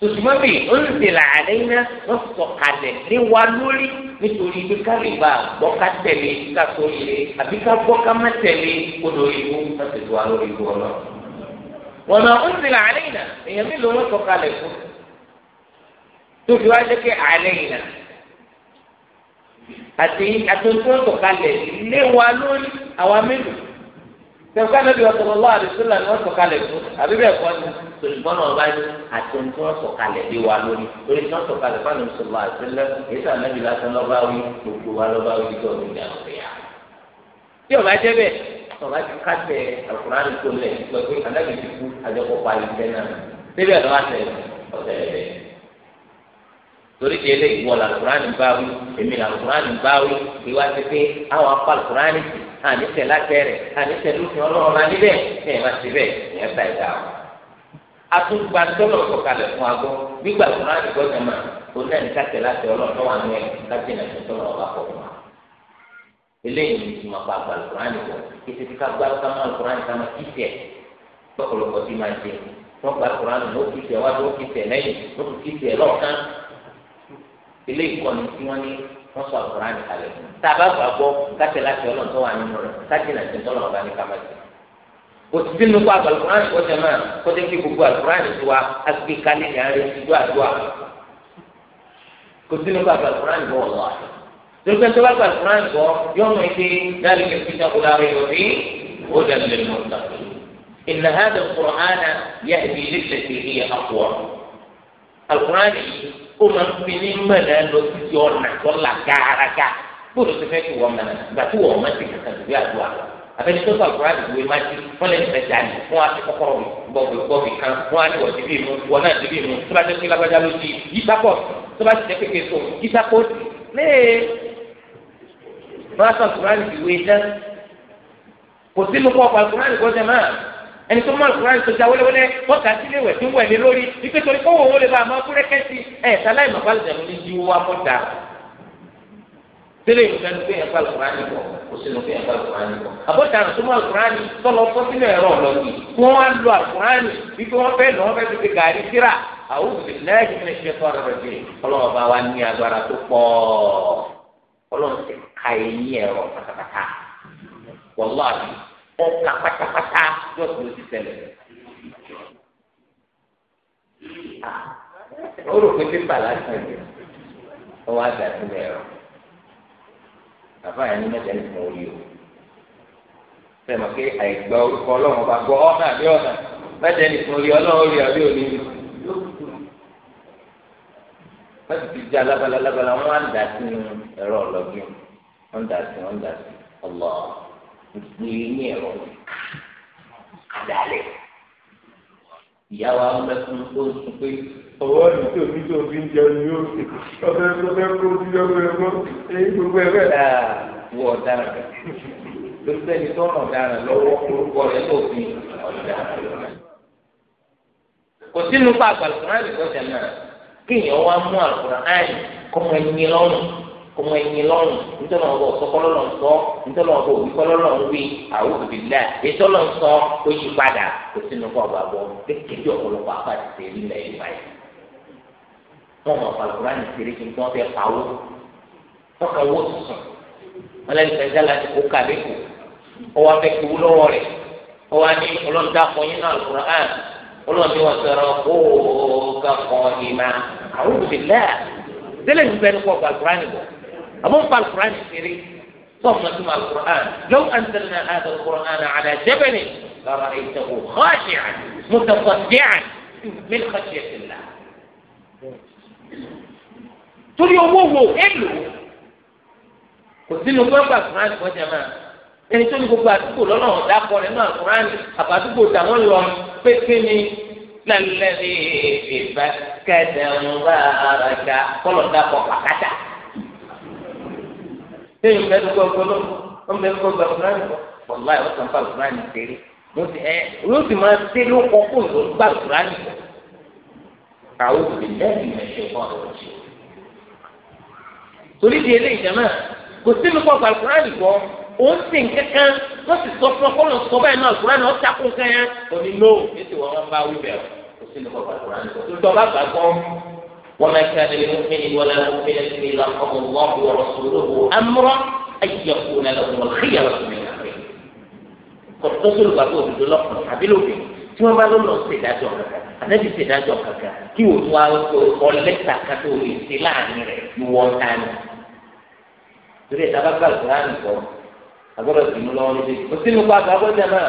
S1: sọ̀tùmọ̀ bíi ọ̀sẹ̀lẹ̀ àlẹ́ iná wọ́n sọ kalẹ̀ ní wa lórí nítorí pé kárìbà gbọ́ ká tẹ̀lé ká tó ilé àbí ká gbọ́ ká má tẹ̀lé kódò ìlú látọ̀dọ̀ wa lórí ìlú ọlọ́run. wọ́n náà ọ̀sẹ̀lẹ̀ àlẹ́ iná mélòó wọ́n sọ kalẹ̀ fún tó fi wá jẹ́ àti àtúntún sọ̀kalẹ̀ lé wa lórí àwa mélòó tẹ̀wọ́ká nàbí wa sọ̀rọ̀ lọ́wọ́ àdìsílà ni wọ́n sọ̀kalẹ̀ fún àbí bẹ́ẹ̀ kọ́ ni tòlùbọ́n náà bá ní àtúntún sọ̀kalẹ̀ lé wa lórí torí tí wọ́n sọ̀kalẹ̀ fún àdìsí sọ̀rọ̀ èyí sàn nàbí lásán lọ́ba wí gbogbo wa lọ́ba wí tó ní ìyá òkè yá. tí o bá jẹ́ ti kásẹ̀ àkùnrin tó lẹ̀ torí ti eléyìí wọ làlùkùránì báwí èmi làlùkùránì báwí ìwà ti pé àwọn apá làlùkùránì tì àní tẹ látẹrẹ àní tẹ lófin ọlọ́run náà níbẹ̀ ẹ má ti bẹ ẹ ta ìdá o. atúgba tọlọ sọ̀kalẹ̀ fún agbọ gbígbà làlùkùránì gbọdọ mà ó náà níta tẹ láti ọlọ́run náà wà ní ẹ láti nà tó tọlọ ọba pọ wọn. eléyìí ni ìtumọ̀ pa àgbà làlùkùránì wọ ètò ìka gbá ká má làlùkùránì ká má kí tẹ lọ́pọ̀lọpọ̀ tí máa ń tẹ wọn gba làlùkùránì ló kí tẹ wá ló kí tẹ lẹ́yìn ló kí ilé ìkọ́ni tí wọ́n ní wọ́n sọ àkùrán kalẹ̀ tá a bá gbàgbọ́ kátẹ́ láti ọlọ́run tó wà nínú rẹ̀ sájì náà ti ń tọ́lọ̀ ọba ní kámẹ́tì òtún nínú kó àgbàlùkùrán kó jẹ náà kó jẹ́ kí gbogbo àgbàlùkùrán ti wa agbè kalẹ̀ ní àárẹ̀ ìdú àdúrà kò sínú kó àgbàlùkùrán bọ̀ wọ́n wà lórí pẹ́ntẹ́ bá àgbàlùkùrán bọ̀ yọ̀ọ́nù ike dárí kẹ́kẹ́ ìjàkúlá rẹ̀ yọ̀rí ó dẹ̀ lè mọ̀ ọ́ إن هذا القرآن يهدي للتي أقوى alukuraan yìí ó máa ń fi ní mẹ́lẹ̀ lọ sí ti ọ̀nà tó la gàràgà gbọ́dọ̀ tó fẹ́ kí wọ́n mẹ́lẹ̀ nígbà tí wọ́n máa ti kàkà tó bí àdúrà abẹ́ni tó sọ alukuraan yìí wọ́n máa ti wọ́n lè fẹ́ jà ní wọ́n á ti kọ́kọ́rọ́ mi bọ́ọ̀bì bọ́ọ̀bì kan wọ́n á ní wọ́n ti bí mu wọ́n náà ti bí mu tó bá jẹ́ pé lágbájá ló ti yíta pọ̀ tó bá ti jẹ́ kékeré tó yíta pọ̀ léè wọ́n á sọ alukuraan yìí wọ́n ẹni tó máa kúrò àìsàn jáwéléwélé wọn kà sílé wẹ tó wẹ ní lórí ike torí kó wò wọlé bá a máa kúrẹ kẹsì ẹ sáláì màbá lè dẹnu ní ju wa mọta tẹ́lẹ̀ ìfẹ́ nu kéèyàn bá kúrò àní bọ kó sínú kéèyàn bá kúrò àní bọ àbọ̀tà tó máa kúrò àní tọlọ fọ sínú ẹ̀rọ lọ sí wọn á lo àkúrò àní wọn fẹ́ lọ wọn fẹ́ fi gàrí síra àwọn lẹ́yìn ọkà pátápátá yóò tó ti ṣẹlẹ̀. ó rò pé pépà láti ẹ̀ ọ wá dà sílẹ̀ ẹ̀rọ bàbá yẹn ní mẹ́ta ní fún orí o sẹ́mi pé àìgbà orúkọ ọlọ́run bá gbọ́ ọ̀nà àbí ọ̀nà mẹ́ta ní fún orí ọlọ́run rí àbí òní rí wọ́n ti fi já labalábala á dà sí ẹ̀rọ ọ̀lọ́gbìn wọ́n dà sí wọ́n dà sí ọlọ́run gbogbo ilé ẹ̀rọ dalẹ̀ ìyàwó amẹ́kùn tó ń sọ pé ọwọ́ mi tí omi tí omi ń jẹun ni ó ọbẹ̀ ọbẹ̀ kó omi lọ́wọ́ ẹ̀rọ èyí gbogbo ẹ̀rọ ẹ̀ wọ ọ̀daràn lórí sẹ́ni tó ń ọ̀daràn lọ́wọ́ orúkọ rẹ̀ tó fi ọ̀daràn kò sínú pa àgbàlùkùnrin àlùkò jẹ̀ náà kéèyàn wá mú àlùkùnrin àyè kọ́mọ ẹni lọ́rùn ọmọ ẹyin lọ́rùn nítorí ọ̀bọ̀ sọ́kọ́lọ́ lọ́n sọ nítorí ọ̀bọ̀ òwúkọ́lọ́ lọ́n wí àwọn òbílẹ̀ ètò lọ́n sọ ó yí padà kò sínú kọ́ àgbàgbọ́ kékeré ọ̀pọ̀lọpọ̀ àpàtì tẹ̀lé ilẹ̀ yìí báyìí. wọ́n mọ̀ ọ̀pọ̀lọpọ̀ ní kiri kí wọ́n fẹ́ pawó wọ́n kà wó sùn wọ́n lẹ́nu fẹ́ẹ́ láti kó kàbékò ó wá fẹ́ kú lọ́wọ́ rẹ̀ ó wá ní Al-Qur'an ọlọ́dà wọn sọ̀rọ̀ kó o kà kọ́ ìmá àwọn أبو القرآن الشريف ثم ثم القرآن لو أنزلنا هذا القرآن على جبل لرأيته خاشعا متصدعا من خشية الله torí owó wo èlò kò sínú gbọ́ngbà kúránì kan jẹ máa ẹni tó ní gbogbo àdúgbò lọ́lọ́run dákọ nínú àkúránì àbádúgbò tàwọn lọ pété ní lálẹ́ ìfẹ́ kẹ̀dẹ̀ ń bá ara ga kọ́lọ̀ dákọ̀ pàkátà téèyàn bẹ́ẹ̀ dúpọ̀ gbọ́dọ̀ wọ́n bẹ́ẹ̀ kọ́ gba kúránì kọ́ wàlá ẹ̀ wọ́n kàn fà kúránì tẹ̀lé mo ti ẹ yóò sì máa tẹ́ ló kọ́ kó ló gbà kúránì kọ́ àwọn olùdíjẹ́bì mẹ́ṣẹ̀ kọ́ ọ̀rọ̀ ṣe. torí di eléyìí jẹ́ náà kò sí mi kọ́ gba kúránì kọ́ òun sì ń kankan wọ́n sì sọ fún ọkọ́ lọ́sọ̀ báyìí náà kúránì ọ̀ takùn kankan òní lóò ètò wọn bá wí bẹ̀rẹ̀ kò sí mi kọ́ gba kúránì kọ́ tó tọ́ bá gbà kọ́ وما كان لمؤمن ولا مؤمنة إذا قضى الله ورسوله أمرا أن يكون لهم الخيرة من أمره قد تصل بقول دلوقتي حبيلو بي tí wọn bá ló lọ sí ìdájọ́ kankan ànábi sí ìdájọ́ kankan kí o tún àwọn ọlẹ́ta kan tó lè ṣe láàrin rẹ̀ ìwọ nání. torí ẹ̀dá bá gbàgbé láàrin kọ́ agbọ́dọ̀ sì mú lọ́wọ́ lóde kò sínú pa àgbà gbọ́dọ̀ náà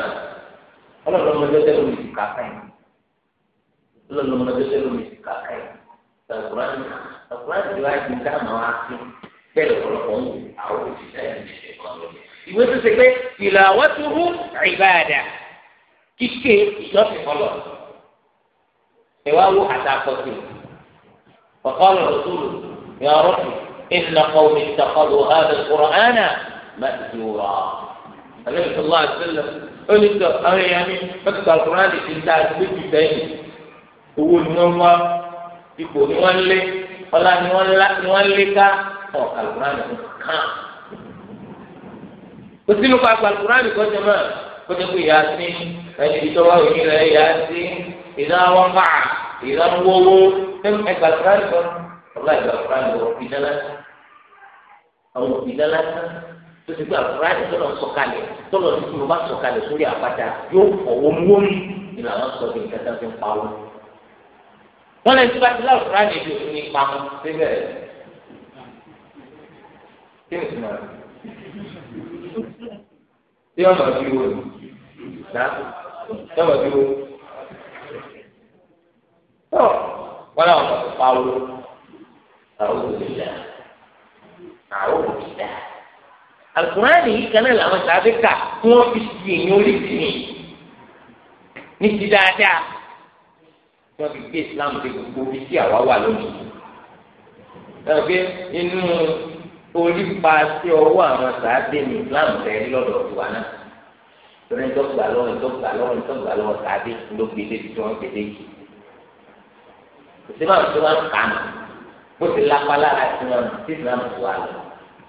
S1: ọlọ́dún ọmọdé tẹ́lẹ̀ omi sì kàkà yìí ọlọ́dún ọmọdé tẹ́lẹ̀ omi sì kàkà yìí. القرآن القرآن رواية من كان تلاوته عبادة كيكي يجب الله سواه حتى قتل فقال الرسول يا ربي إن قوم اتخذوا هذا القرآن مأجورا النبي صلى الله عليه وسلم قال أنت أريني أكثر القرآن في الناس بالبيت ipò ni wọ́n lé ọlá ni wọ́n lé ká ọ̀ alukur'an kan. kò sínú pa alukur'an kan jẹ mọ́ kó jẹ́ pé ìyá sí ẹni ìjọba òyìn rẹ̀ ìyá sí ìdá wọn bá ìdá wọ́wọ́ ẹgbẹ́ alukur'an kan ọlá ìgbà alukur'an kan òfin dáná àwọn òfin dáná kan tó ti gbé alukur'an tó lọ sọ̀kalẹ̀ tó lọ sí kí ló bá sọ̀kalẹ̀ sórí àpáta yóò fọ̀ wọ́n wọ́n ní sọ̀rọ̀ ìkẹta fi ń pa wọn wọn lè tún bá ti láwùjọ rà níbi òfin ní pamọ́ síbẹ̀ ni sinmi àná tí ọmọ bí wo ná tí ọmọ bí wo tó wọn làwọn ọmọ tó pawó àwọn olùdíjà àwọn olùdíjà àkùnrin yìí kan náà làwọn sábẹ́ kà kí fi ṣe èyàn orí sí ni ní ti dáadáa tí wọ́n fi gbé islam dé gbogbo ibi tí àwa wà lónìí ẹ̀rọ pé inú orí pa sí ọwọ́ àwọn sàádé ní islam rẹ̀ lọ́dọ̀ tiwa náà torí ní tó gbà lọ́wọ́ ní tó gbà lọ́wọ́ ní tó gbà lọ́wọ́ sàádé ló gbé débi tí wọ́n gbé yìí kò sí báwọn tí wọ́n kà á bó ti lápá lára tí wọ́n ti islam tó wà lọ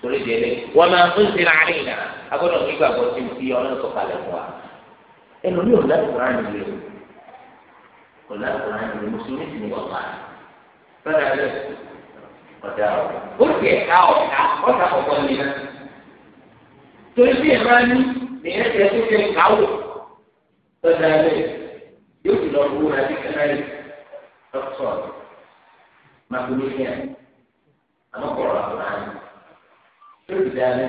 S1: torí délé wọ́n máa ń sin àárín ìlànà agbọ́dọ̀ nígbàgbọ́ tí mo fi ọlọ́run sọ̀kalẹ̀ fún wa ẹnu kò lásán á ní mùsùlùmí sì ní wàhálà fẹ́rẹ̀ alẹ́ ọ̀dà ọ̀dà ó ti ẹ̀ka ọ̀dà ọ̀dà ọ̀gbọ́n mi náà torí bí ẹ̀ máa ní nìyẹn tẹ̀ tó ṣe káwọ̀ fẹ́rẹ̀ alẹ́ yóò ti lọ wúra bí kanáyì ọ̀sọ̀ makunisíà àmọ́kọ̀rọ̀ àbúrò
S2: àná yóò ti dá alẹ́.